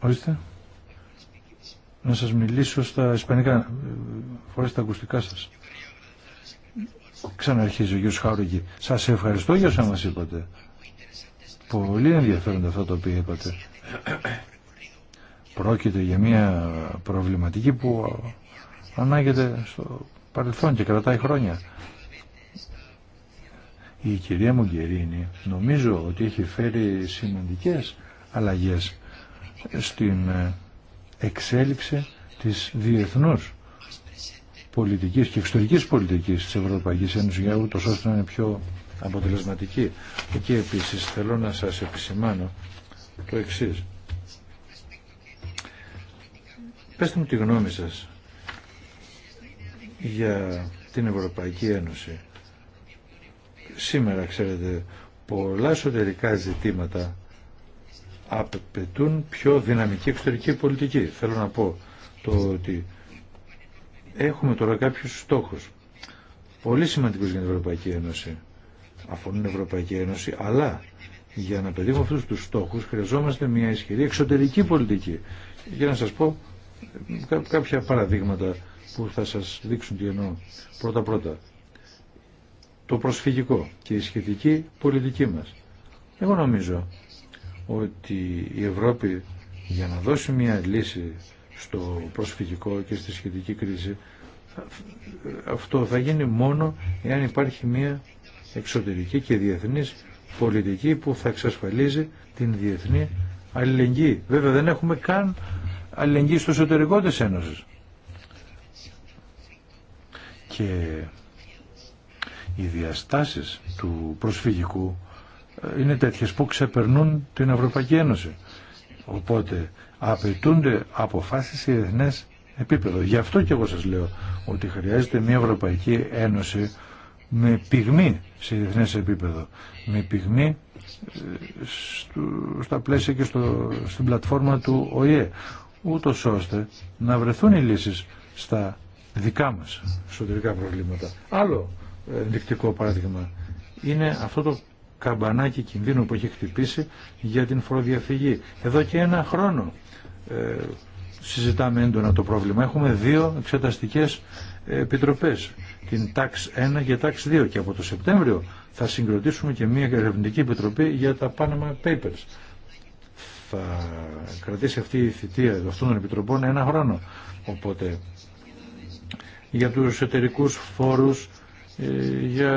ορίστε να σας μιλήσω στα ισπανικά, ε, φορές τα ακουστικά σας. Ξαναρχίζει ο Γιώργος Χάουρικη. Σας ευχαριστώ για όσα μας είπατε. Πολύ ενδιαφέροντα αυτό το οποίο είπατε. Πρόκειται για μια προβληματική που ανάγεται στο παρελθόν και κρατάει χρόνια. Η κυρία Μογκερίνη νομίζω ότι έχει φέρει σημαντικές αλλαγές στην ε, εξέλιξη της διεθνούς πολιτικής και εξωτερικής πολιτικής της Ευρωπαϊκής Ένωσης για ούτως ώστε να είναι πιο αποτελεσματική. Εκεί επίσης θέλω να σας επισημάνω το εξής. Πεςτε μου τη γνώμη σας για την Ευρωπαϊκή Ένωση. Σήμερα, ξέρετε, πολλά εσωτερικά ζητήματα απαιτούν πιο δυναμική εξωτερική πολιτική. Θέλω να πω το ότι έχουμε τώρα κάποιους στόχους πολύ σημαντικούς για την Ευρωπαϊκή Ένωση αφορούν την Ευρωπαϊκή Ένωση αλλά για να πετύχουμε αυτούς τους στόχους χρειαζόμαστε μια ισχυρή εξωτερική πολιτική για να σας πω κάποια παραδείγματα που θα σας δείξουν τι εννοώ πρώτα πρώτα το προσφυγικό και η σχετική πολιτική μας εγώ νομίζω ότι η Ευρώπη για να δώσει μια λύση στο προσφυγικό και στη σχετική κρίση αυτό θα γίνει μόνο εάν υπάρχει μια εξωτερική και διεθνής πολιτική που θα εξασφαλίζει την διεθνή αλληλεγγύη. Βέβαια δεν έχουμε καν αλληλεγγύη στο εσωτερικό της Ένωσης. Και οι διαστάσεις του προσφυγικού είναι τέτοιες που ξεπερνούν την Ευρωπαϊκή Ένωση. Οπότε απαιτούνται αποφάσεις σε εθνές επίπεδο. Γι' αυτό και εγώ σας λέω ότι χρειάζεται μια Ευρωπαϊκή Ένωση με πυγμή σε εθνές επίπεδο, με πυγμή ε, στα πλαίσια και στο, στην πλατφόρμα του ΟΗΕ, ούτω ώστε να βρεθούν οι λύσεις στα δικά μας εσωτερικά προβλήματα. Άλλο ενδεικτικό παράδειγμα είναι αυτό το καμπανάκι κινδύνου που έχει χτυπήσει για την φοροδιαφυγή. Εδώ και ένα χρόνο ε, συζητάμε έντονα το πρόβλημα. Έχουμε δύο εξεταστικές επιτροπές, την TAX 1 και TAX 2 και από το Σεπτέμβριο θα συγκροτήσουμε και μια ερευνητική επιτροπή για τα Panama Papers. Θα κρατήσει αυτή η θητεία αυτών των επιτροπών ένα χρόνο. Οπότε για τους εταιρικούς φόρους ε, για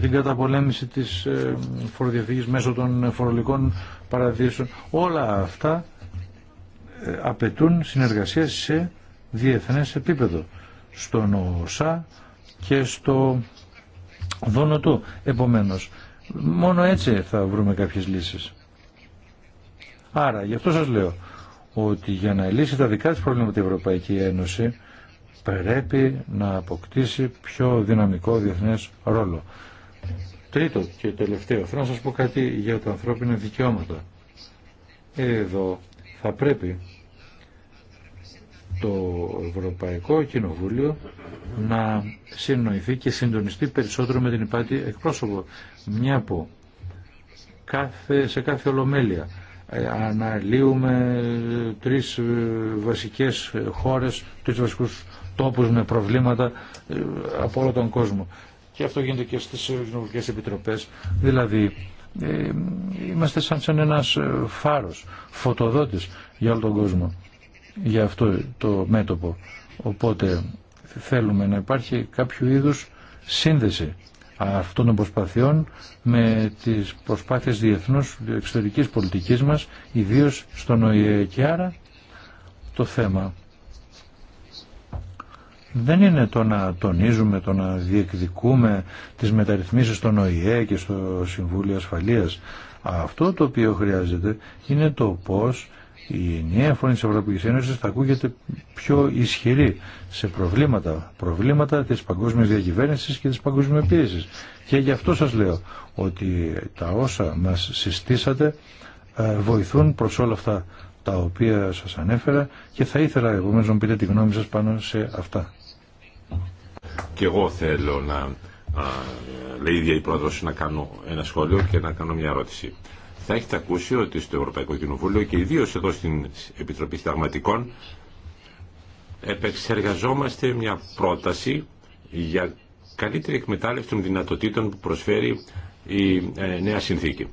την καταπολέμηση της ε, φοροδιαφυγής μέσω των φορολογικών παραδείσων. Όλα αυτά ε, απαιτούν συνεργασία σε διεθνές επίπεδο. Στον ΟΣΑ και στο δόνο του. Επομένως, μόνο έτσι θα βρούμε κάποιες λύσεις. Άρα, γι' αυτό σας λέω ότι για να λύσει τα δικά της προβλήματα η Ευρωπαϊκή Ένωση πρέπει να αποκτήσει πιο δυναμικό διεθνές ρόλο. Τρίτο και τελευταίο, θέλω να σας πω κάτι για τα ανθρώπινα δικαιώματα. Εδώ θα πρέπει το Ευρωπαϊκό Κοινοβούλιο να συνοηθεί και συντονιστεί περισσότερο με την υπάτη εκπρόσωπο. Μια που κάθε, σε κάθε ολομέλεια ε, αναλύουμε τρεις ε, βασικές χώρες, τρεις βασικούς τόπους με προβλήματα ε, από όλο τον κόσμο. Και αυτό γίνεται και στις κοινοβουλικές επιτροπές. Δηλαδή, ε, είμαστε σαν, σαν ένας ε, φάρος, φωτοδότης για όλο τον κόσμο, για αυτό το μέτωπο. Οπότε θέλουμε να υπάρχει κάποιο είδους σύνδεση αυτών των προσπαθειών με τις προσπάθειες διεθνούς εξωτερικής πολιτικής μας, ιδίως στον ΟΗΕ και άρα το θέμα δεν είναι το να τονίζουμε, το να διεκδικούμε τις μεταρρυθμίσεις στον ΟΗΕ και στο Συμβούλιο Ασφαλείας. Αυτό το οποίο χρειάζεται είναι το πώς η νέα φωνή της Ευρωπαϊκής Ένωσης θα ακούγεται πιο ισχυρή σε προβλήματα, προβλήματα της παγκόσμιας διακυβέρνησης και της παγκοσμιοποίησης. Και γι' αυτό σας λέω ότι τα όσα μας συστήσατε ε, βοηθούν προς όλα αυτά τα οποία σας ανέφερα και θα ήθελα εγώ να πείτε τη γνώμη σας πάνω σε αυτά. Και εγώ θέλω να, λέει λέει ίδια η πρόεδρος, να κάνω ένα σχόλιο και να κάνω μια ερώτηση. Θα έχετε ακούσει ότι στο Ευρωπαϊκό Κοινοβούλιο και ιδίω εδώ στην Επιτροπή Συνταγματικών επεξεργαζόμαστε μια πρόταση για καλύτερη εκμετάλλευση των δυνατοτήτων που προσφέρει η ε, νέα συνθήκη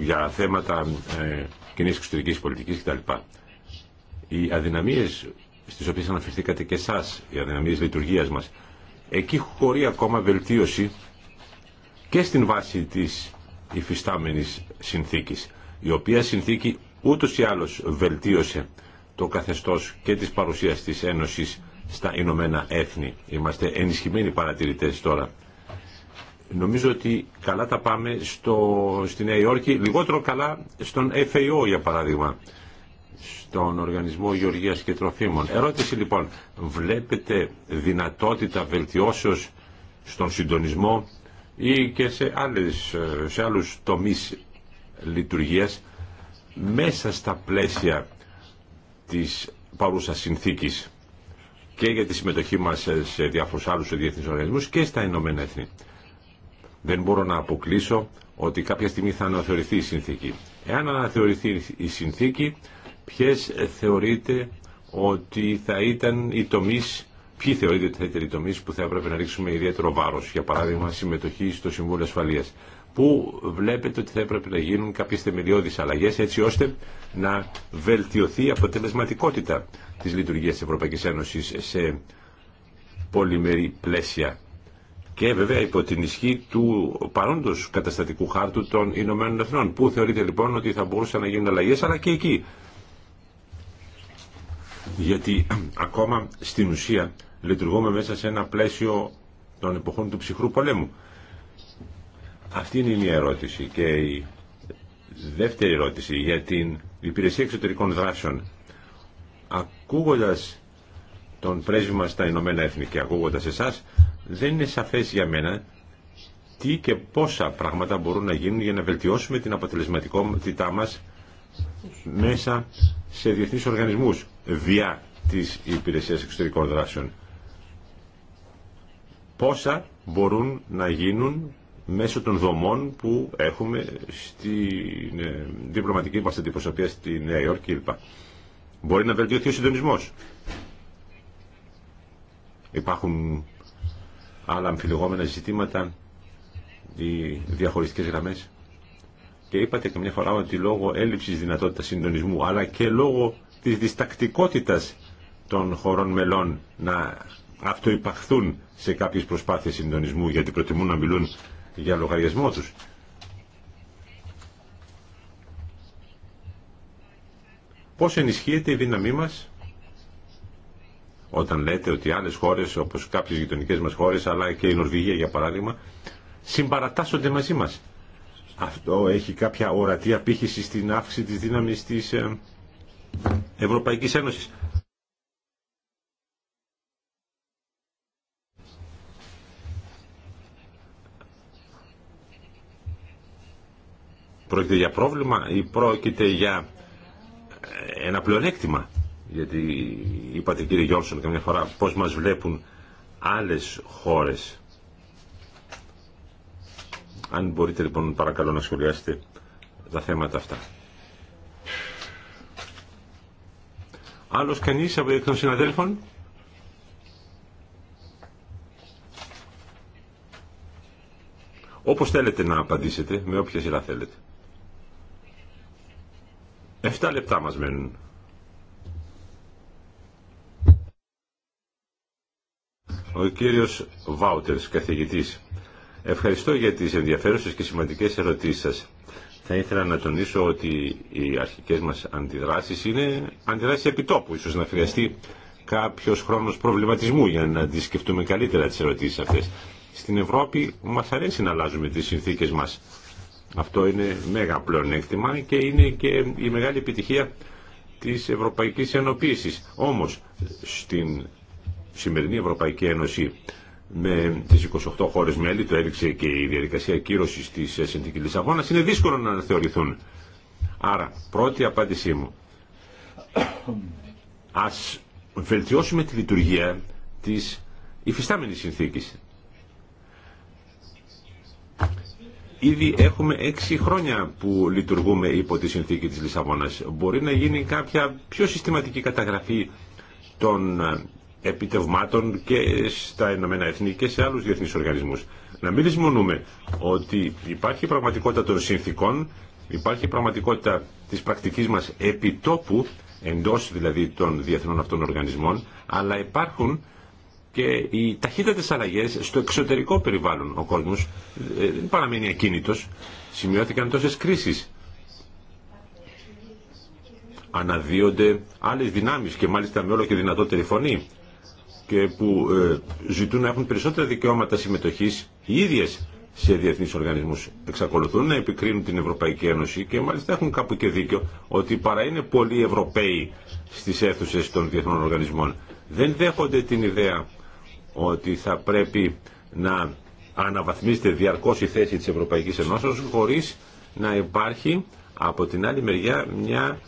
για θέματα ε, κοινή εξωτερική πολιτική κτλ. Οι αδυναμίε στι οποίε αναφερθήκατε και εσά, οι αδυναμίε λειτουργία μα, Εκεί χωρεί ακόμα βελτίωση και στην βάση της υφιστάμενης συνθήκης, η οποία συνθήκη ούτως ή άλλως βελτίωσε το καθεστώς και της παρουσίας της Ένωσης στα Ηνωμένα Έθνη. Είμαστε ενισχυμένοι παρατηρητές τώρα. Νομίζω ότι καλά τα πάμε στο, στη Νέα Υόρκη, λιγότερο καλά στον FAO για παράδειγμα στον Οργανισμό Γεωργίας και Τροφίμων. Ερώτηση λοιπόν, βλέπετε δυνατότητα βελτιώσεως στον συντονισμό ή και σε, άλλες, σε άλλους τομείς λειτουργίας μέσα στα πλαίσια της παρούσας συνθήκης και για τη συμμετοχή μας σε διάφορους άλλους διεθνείς οργανισμούς και στα Ηνωμένα Έθνη. Δεν μπορώ να αποκλείσω ότι κάποια στιγμή θα αναθεωρηθεί η συνθήκη. Εάν αναθεωρηθεί η συνθήκη ποιες θεωρείτε ότι θα ήταν οι τομείς, ποιοι θεωρείτε ότι θα ήταν οι που θα έπρεπε να ρίξουμε ιδιαίτερο βάρο, για παράδειγμα συμμετοχή στο Συμβούλιο ασφαλεία, Πού βλέπετε ότι θα έπρεπε να γίνουν κάποιε θεμελιώδει αλλαγέ, έτσι ώστε να βελτιωθεί η αποτελεσματικότητα τη Λειτουργία τη Ευρωπαϊκής Ένωσης σε πολυμερή πλαίσια και βέβαια υπό την ισχύ του παρόντο καταστατικού χάρτου των Ηνωμένων Εθνών. Πού θεωρείτε λοιπόν ότι θα μπορούσαν να γίνουν αλλαγέ, αλλά και εκεί γιατί ακόμα στην ουσία λειτουργούμε μέσα σε ένα πλαίσιο των εποχών του ψυχρού πολέμου. Αυτή είναι η μία ερώτηση και η δεύτερη ερώτηση για την υπηρεσία εξωτερικών δράσεων. Ακούγοντας τον πρέσβη μας στα Ηνωμένα Έθνη και ακούγοντας εσάς, δεν είναι σαφές για μένα τι και πόσα πράγματα μπορούν να γίνουν για να βελτιώσουμε την αποτελεσματικότητά μας μέσα σε διεθνείς οργανισμούς διά της υπηρεσίας εξωτερικών δράσεων. Πόσα μπορούν να γίνουν μέσω των δομών που έχουμε στην ε, διπλωματική μας αντιπροσωπεία στη Νέα Υόρκη Μπορεί να βελτιωθεί ο συντονισμός. Υπάρχουν άλλα αμφιλεγόμενα ζητήματα ή διαχωριστικές γραμμές και είπατε και μια φορά ότι λόγω έλλειψης δυνατότητας συντονισμού αλλά και λόγω της διστακτικότητας των χωρών μελών να αυτοϋπαχθούν σε κάποιες προσπάθειες συντονισμού γιατί προτιμούν να μιλούν για λογαριασμό τους. Πώς ενισχύεται η δύναμή μας όταν λέτε ότι άλλες χώρες όπως κάποιες γειτονικές μας χώρες αλλά και η Νορβηγία για παράδειγμα συμπαρατάσσονται μαζί μας. Αυτό έχει κάποια ορατή απήχηση στην αύξηση της δύναμης της ε, Ευρωπαϊκής Ένωσης. Πρόκειται για πρόβλημα ή πρόκειται για ε, ένα πλεονέκτημα. Γιατί είπατε κύριε και καμιά φορά πώς μας βλέπουν άλλες χώρες. Αν μπορείτε λοιπόν παρακαλώ να σχολιάσετε τα θέματα αυτά. Άλλος κανείς από εκ των συναδέλφων. Όπως θέλετε να απαντήσετε, με όποια σειρά θέλετε. Εφτά λεπτά μας μένουν. Ο κύριος Βάουτερς, καθηγητής. Ευχαριστώ για τις ενδιαφέρουσες και σημαντικές ερωτήσεις σας. Θα ήθελα να τονίσω ότι οι αρχικές μας αντιδράσεις είναι αντιδράσεις επιτόπου. Ίσως να χρειαστεί κάποιος χρόνος προβληματισμού για να αντισκεφτούμε καλύτερα τις ερωτήσεις αυτές. Στην Ευρώπη μας αρέσει να αλλάζουμε τις συνθήκες μας. Αυτό είναι μέγα πλεονέκτημα και είναι και η μεγάλη επιτυχία της Ευρωπαϊκής Ενοποίησης. Όμως, στην σημερινή Ευρωπαϊκή Ένωση με τις 28 χώρες μέλη, το έδειξε και η διαδικασία κύρωσης της ε, Συνθήκης Λισαβόνας, είναι δύσκολο να αναθεωρηθούν. Άρα, πρώτη απάντησή μου. Ας βελτιώσουμε τη λειτουργία της υφιστάμενης συνθήκης. Ήδη έχουμε έξι χρόνια που λειτουργούμε υπό τη συνθήκη της Λισαβόνας. Μπορεί να γίνει κάποια πιο συστηματική καταγραφή των ε, επιτευμάτων και στα Ηνωμένα Εθνή και σε άλλους διεθνείς οργανισμούς. Να μην δυσμονούμε ότι υπάρχει πραγματικότητα των συνθήκων, υπάρχει πραγματικότητα της πρακτικής μας επιτόπου, εντός δηλαδή των διεθνών αυτών οργανισμών, αλλά υπάρχουν και οι ταχύτατες αλλαγές στο εξωτερικό περιβάλλον ο κόσμος ε, δεν παραμένει ακίνητος. Σημειώθηκαν τόσες κρίσεις. Αναδύονται άλλες δυνάμεις και μάλιστα με όλο και δυνατότερη φωνή και που ε, ζητούν να έχουν περισσότερα δικαιώματα συμμετοχής οι ίδιες σε διεθνείς οργανισμούς εξακολουθούν να επικρίνουν την Ευρωπαϊκή Ένωση και μάλιστα έχουν κάπου και δίκιο ότι παρά είναι πολλοί Ευρωπαίοι στις αίθουσε των διεθνών οργανισμών. Δεν δέχονται την ιδέα ότι θα πρέπει να αναβαθμίζεται διαρκώς η θέση της Ευρωπαϊκής Ενώσεως χωρίς να υπάρχει από την άλλη μεριά μια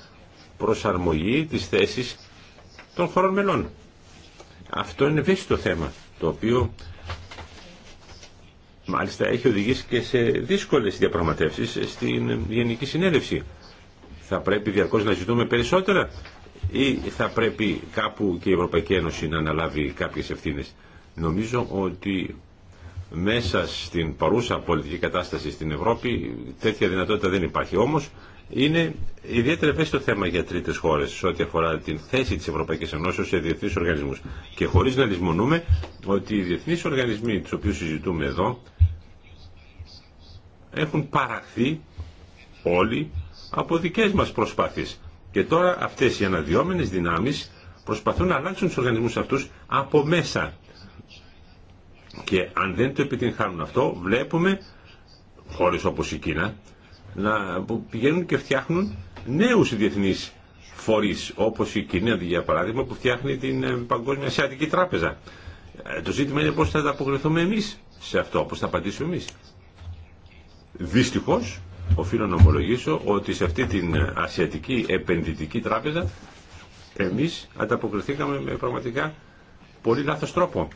προσαρμογή της θέσης των χωρών μελών. Αυτό είναι ευαίσθητο θέμα, το οποίο μάλιστα έχει οδηγήσει και σε δύσκολες διαπραγματεύσεις στην Γενική Συνέλευση. Θα πρέπει διαρκώς να ζητούμε περισσότερα ή θα πρέπει κάπου και η Ευρωπαϊκή Ένωση να αναλάβει κάποιες ευθύνες. Νομίζω ότι μέσα στην παρούσα πολιτική κατάσταση στην Ευρώπη τέτοια δυνατότητα δεν υπάρχει. Όμως είναι ιδιαίτερα ευαίσθητο θέμα για τρίτε χώρε σε ό,τι αφορά την θέση τη Ευρωπαϊκή Ένωση σε διεθνεί οργανισμού. Και χωρί να λησμονούμε ότι οι διεθνεί οργανισμοί του οποίου συζητούμε εδώ έχουν παραχθεί όλοι από δικέ μα προσπάθειε. Και τώρα αυτέ οι αναδυόμενε δυνάμει προσπαθούν να αλλάξουν του οργανισμού αυτού από μέσα. Και αν δεν το επιτυγχάνουν αυτό, βλέπουμε χώρε όπω η Κίνα να, που πηγαίνουν και φτιάχνουν νέους διεθνείς φορείς, όπως η Κινέα για παράδειγμα που φτιάχνει την ε, Παγκόσμια Ασιατική Τράπεζα. Ε, το ζήτημα είναι πώς θα ανταποκριθούμε εμείς σε αυτό, πώς θα απαντήσουμε εμείς. Δυστυχώς, οφείλω να ομολογήσω ότι σε αυτή την Ασιατική Επενδυτική Τράπεζα εμείς ανταποκριθήκαμε με πραγματικά πολύ λάθος τρόπο.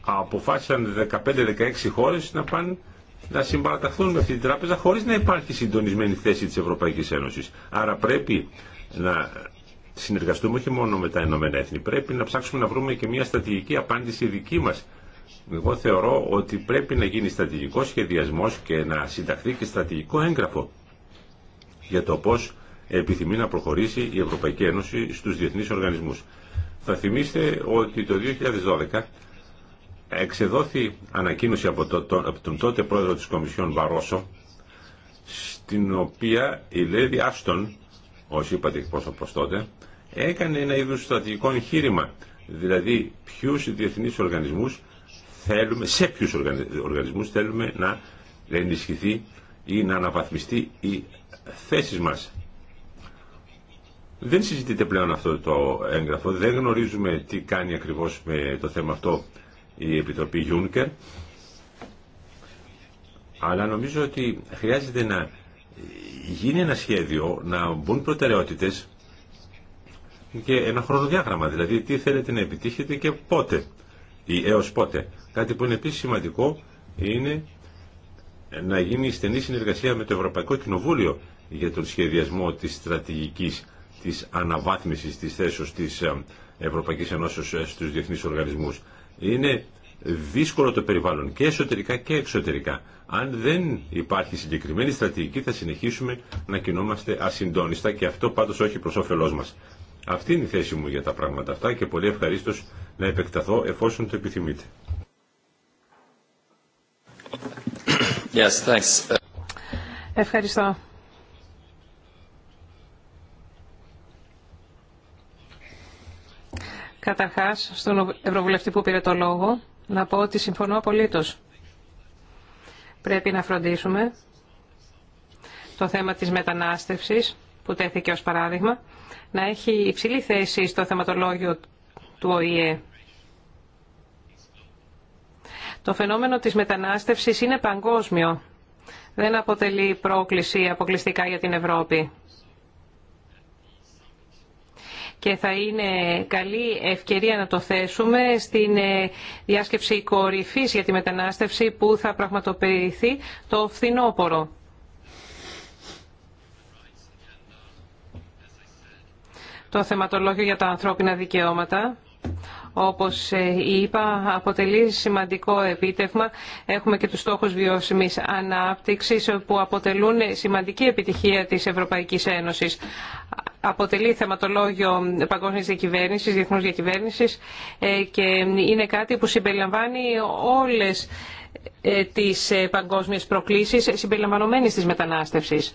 Αποφάσισαν 15-16 χώρες να πάνε να συμπαραταχθούν με αυτή την τράπεζα χωρίς να υπάρχει συντονισμένη θέση της Ευρωπαϊκής Ένωσης. Άρα πρέπει να συνεργαστούμε όχι μόνο με τα Ηνωμένα Έθνη, πρέπει να ψάξουμε να βρούμε και μια στρατηγική απάντηση δική μας. Εγώ θεωρώ ότι πρέπει να γίνει στρατηγικό σχεδιασμός και να συνταχθεί και στρατηγικό έγγραφο για το πώς επιθυμεί να προχωρήσει η Ευρωπαϊκή Ένωση στους διεθνείς οργανισμούς. Θα θυμίστε ότι το 2012 εξεδόθη ανακοίνωση από, από τον τότε πρόεδρο της Κομισιόν Βαρόσο στην οποία η Λέδη Άστον, ως είπατε εκπρόσωπος τότε, έκανε ένα είδους στρατηγικό εγχείρημα. Δηλαδή, ποιους διεθνείς οργανισμούς θέλουμε, σε ποιους οργανισμούς θέλουμε να ενισχυθεί ή να αναβαθμιστεί η θέσεις μας. Δεν συζητείται πλέον αυτό το έγγραφο, δεν γνωρίζουμε τι κάνει ακριβώς με το θέμα αυτό η Επιτροπή Juncker αλλά νομίζω ότι χρειάζεται να γίνει ένα σχέδιο να μπουν προτεραιότητες και ένα χρονοδιάγραμμα δηλαδή τι θέλετε να επιτύχετε και πότε ή έως πότε κάτι που είναι επίσης σημαντικό είναι να γίνει στενή συνεργασία με το Ευρωπαϊκό Κοινοβούλιο για τον σχεδιασμό της στρατηγικής της αναβάθμισης της θέσεως της ε, Ευρωπαϊκής Ενώσεως ε, στους διεθνείς οργανισμούς. Είναι δύσκολο το περιβάλλον και εσωτερικά και εξωτερικά. Αν δεν υπάρχει συγκεκριμένη στρατηγική θα συνεχίσουμε να κινούμαστε ασυντόνιστα και αυτό πάντως όχι προς όφελός μας. Αυτή είναι η θέση μου για τα πράγματα αυτά και πολύ ευχαρίστω να επεκταθώ εφόσον το επιθυμείτε. Yes, thanks. Ευχαριστώ. Καταρχάς, στον Ευρωβουλευτή που πήρε το λόγο, να πω ότι συμφωνώ απολύτως. Πρέπει να φροντίσουμε το θέμα της μετανάστευσης, που τέθηκε ως παράδειγμα, να έχει υψηλή θέση στο θεματολόγιο του ΟΗΕ. Το φαινόμενο της μετανάστευσης είναι παγκόσμιο. Δεν αποτελεί πρόκληση αποκλειστικά για την Ευρώπη και θα είναι καλή ευκαιρία να το θέσουμε στην ε, διάσκεψη κορυφής για τη μετανάστευση που θα πραγματοποιηθεί το φθινόπωρο. Το θεματολόγιο για τα ανθρώπινα δικαιώματα όπως ε, είπα, αποτελεί σημαντικό επίτευγμα. Έχουμε και τους στόχους βιώσιμης ανάπτυξης που αποτελούν σημαντική επιτυχία της Ευρωπαϊκής Ένωσης αποτελεί θεματολόγιο παγκόσμιας διακυβέρνησης, διεθνούς διακυβέρνησης ε, και είναι κάτι που συμπεριλαμβάνει όλες ε, τις ε, παγκόσμιες προκλήσεις συμπεριλαμβανομένης τη μετανάστευση.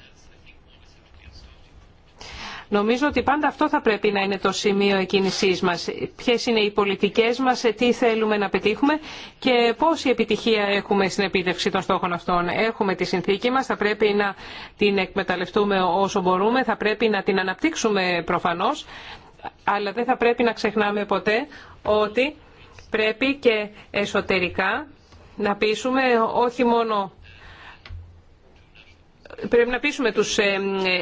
Νομίζω ότι πάντα αυτό θα πρέπει να είναι το σημείο εκκίνησή μας. Ποιε είναι οι πολιτικέ μας, τι θέλουμε να πετύχουμε και πόση επιτυχία έχουμε στην επίτευξη των στόχων αυτών. Έχουμε τη συνθήκη μας, θα πρέπει να την εκμεταλλευτούμε όσο μπορούμε, θα πρέπει να την αναπτύξουμε προφανώς, αλλά δεν θα πρέπει να ξεχνάμε ποτέ ότι πρέπει και εσωτερικά να πείσουμε όχι μόνο Πρέπει να πείσουμε τους ε,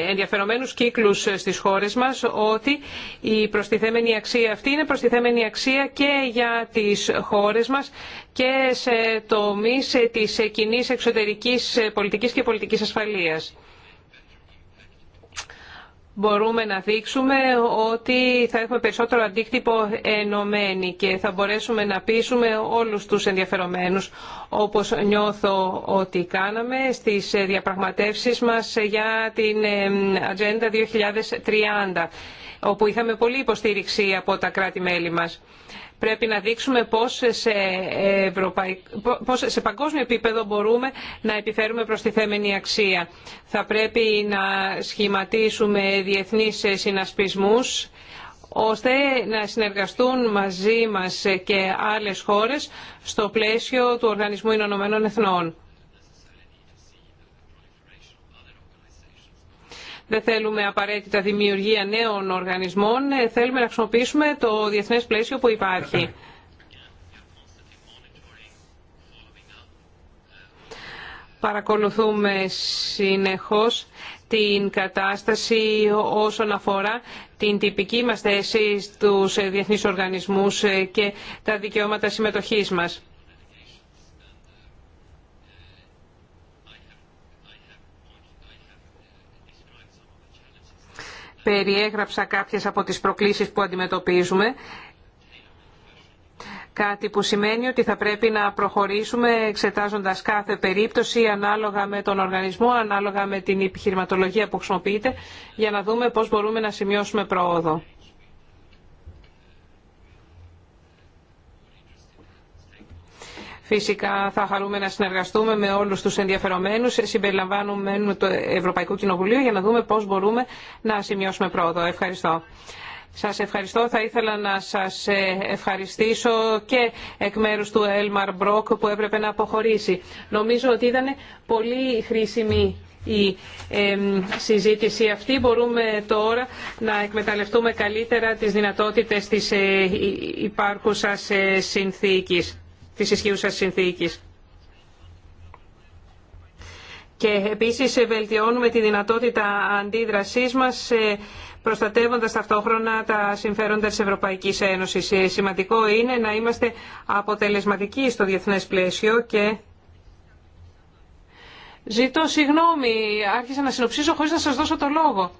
ενδιαφερομένους κύκλους ε, στις χώρες μας ότι η προστιθέμενη αξία αυτή είναι προστιθέμενη αξία και για τις χώρες μας και σε τομείς ε, της κοινή εξωτερικής πολιτικής και πολιτικής ασφαλείας μπορούμε να δείξουμε ότι θα έχουμε περισσότερο αντίκτυπο ενωμένοι και θα μπορέσουμε να πείσουμε όλους τους ενδιαφερομένους όπως νιώθω ότι κάναμε στις διαπραγματεύσεις μας για την Ατζέντα 2030 όπου είχαμε πολλή υποστήριξη από τα κράτη-μέλη μας. Πρέπει να δείξουμε πώς σε, ευρωπαϊκ... πώς σε παγκόσμιο επίπεδο μπορούμε να επιφέρουμε τη θέμενη αξία. Θα πρέπει να σχηματίσουμε διεθνείς συνασπισμούς ώστε να συνεργαστούν μαζί μας και άλλες χώρες στο πλαίσιο του Οργανισμού Ηνωμένων Εθνών. δεν θέλουμε απαραίτητα δημιουργία νέων οργανισμών, ε, θέλουμε να χρησιμοποιήσουμε το διεθνές πλαίσιο που υπάρχει. Παρακολουθούμε συνεχώς την κατάσταση όσον αφορά την τυπική μας θέση στους διεθνείς οργανισμούς ε, και τα δικαιώματα συμμετοχής μας. περιέγραψα κάποιες από τις προκλήσεις που αντιμετωπίζουμε κάτι που σημαίνει ότι θα πρέπει να προχωρήσουμε εξετάζοντας κάθε περίπτωση ανάλογα με τον οργανισμό, ανάλογα με την επιχειρηματολογία που χρησιμοποιείται, για να δούμε πώς μπορούμε να σημειώσουμε πρόοδο. Φυσικά θα χαρούμε να συνεργαστούμε με όλους τους ενδιαφερομένους, συμπεριλαμβάνουμε το Ευρωπαϊκό Κοινοβουλίο για να δούμε πώς μπορούμε να σημειώσουμε πρόοδο. Ευχαριστώ. Σας ευχαριστώ. Θα ήθελα να σας ευχαριστήσω και εκ μέρους του Έλμαρ Μπρόκ που έπρεπε να αποχωρήσει. Νομίζω ότι ήταν πολύ χρήσιμη η συζήτηση αυτή. Μπορούμε τώρα να εκμεταλλευτούμε καλύτερα τις δυνατότητες της ε, υπάρχουσας ε, συνθήκης της σα συνθήκη. Και επίση ε, βελτιώνουμε τη δυνατότητα αντίδρασής μας ε, προστατεύοντας ταυτόχρονα τα συμφέροντα της Ευρωπαϊκής Ένωσης. Ε, σημαντικό είναι να είμαστε αποτελεσματικοί στο διεθνές πλαίσιο και Ζητώ συγγνώμη, άρχισα να συνοψίζω χωρίς να σας δώσω το λόγο.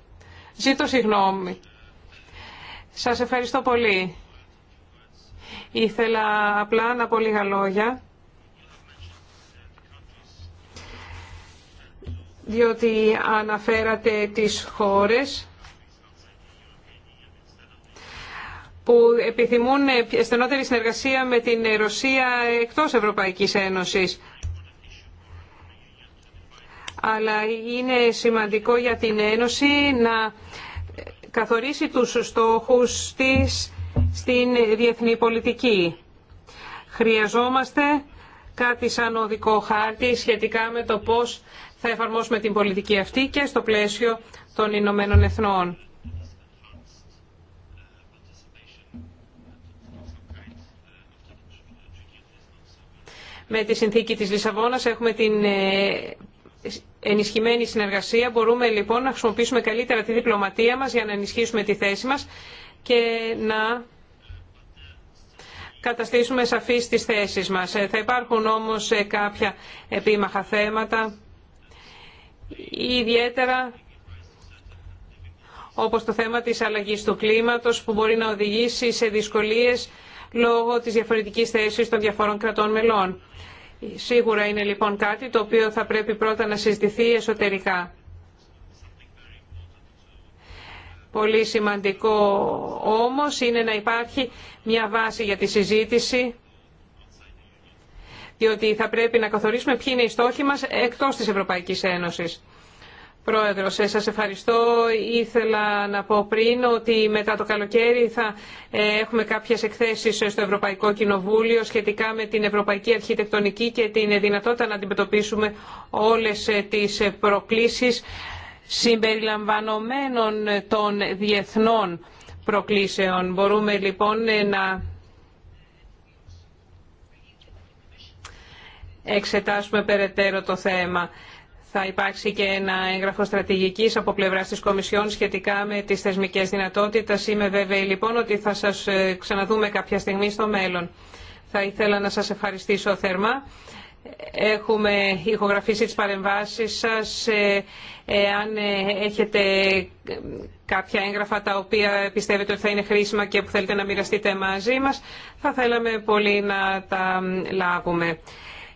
Ζητώ συγγνώμη. Σας ευχαριστώ πολύ. Ήθελα απλά να πω λίγα λόγια. διότι αναφέρατε τις χώρες που επιθυμούν στενότερη συνεργασία με την Ρωσία εκτός Ευρωπαϊκής Ένωσης. Αλλά είναι σημαντικό για την Ένωση να καθορίσει τους στόχους της στην διεθνή πολιτική. Χρειαζόμαστε κάτι σαν οδικό χάρτη σχετικά με το πώς θα εφαρμόσουμε την πολιτική αυτή και στο πλαίσιο των Ηνωμένων Εθνών. Με τη συνθήκη της Λισαβόνας έχουμε την ε, ενισχυμένη συνεργασία. Μπορούμε λοιπόν να χρησιμοποιήσουμε καλύτερα τη διπλωματία μας για να ενισχύσουμε τη θέση μας και να καταστήσουμε σαφείς τις θέσεις μας. Ε, θα υπάρχουν όμως ε, κάποια επίμαχα θέματα, ιδιαίτερα όπως το θέμα της αλλαγής του κλίματος που μπορεί να οδηγήσει σε δυσκολίες λόγω της διαφορετικής θέσης των διαφορών κρατών μελών. Σίγουρα είναι λοιπόν κάτι το οποίο θα πρέπει πρώτα να συζητηθεί εσωτερικά. Πολύ σημαντικό όμως είναι να υπάρχει μια βάση για τη συζήτηση διότι θα πρέπει να καθορίσουμε ποιοι είναι οι στόχοι μας εκτός της Ευρωπαϊκής Ένωσης. Πρόεδρος, ε, σας ευχαριστώ. Ήθελα να πω πριν ότι μετά το καλοκαίρι θα ε, έχουμε κάποιες εκθέσεις στο Ευρωπαϊκό Κοινοβούλιο σχετικά με την ευρωπαϊκή αρχιτεκτονική και την δυνατότητα να αντιμετωπίσουμε όλες ε, τις προκλήσεις συμπεριλαμβανομένων των διεθνών προκλήσεων. Μπορούμε λοιπόν να εξετάσουμε περαιτέρω το θέμα. Θα υπάρξει και ένα έγγραφο στρατηγική από πλευρά τη Κομισιόν σχετικά με τι θεσμικέ δυνατότητε. Είμαι βέβαιη λοιπόν ότι θα σα ε, ξαναδούμε κάποια στιγμή στο μέλλον. Θα ήθελα να σα ευχαριστήσω θερμά Έχουμε ηχογραφήσει τις παρεμβάσεις σας. Αν ε, ε, έχετε κάποια έγγραφα τα οποία πιστεύετε ότι θα είναι χρήσιμα και που θέλετε να μοιραστείτε μαζί μας, θα θέλαμε πολύ να τα λάβουμε.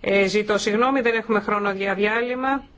Ε, ζητώ συγγνώμη, δεν έχουμε χρόνο για διάλειμμα.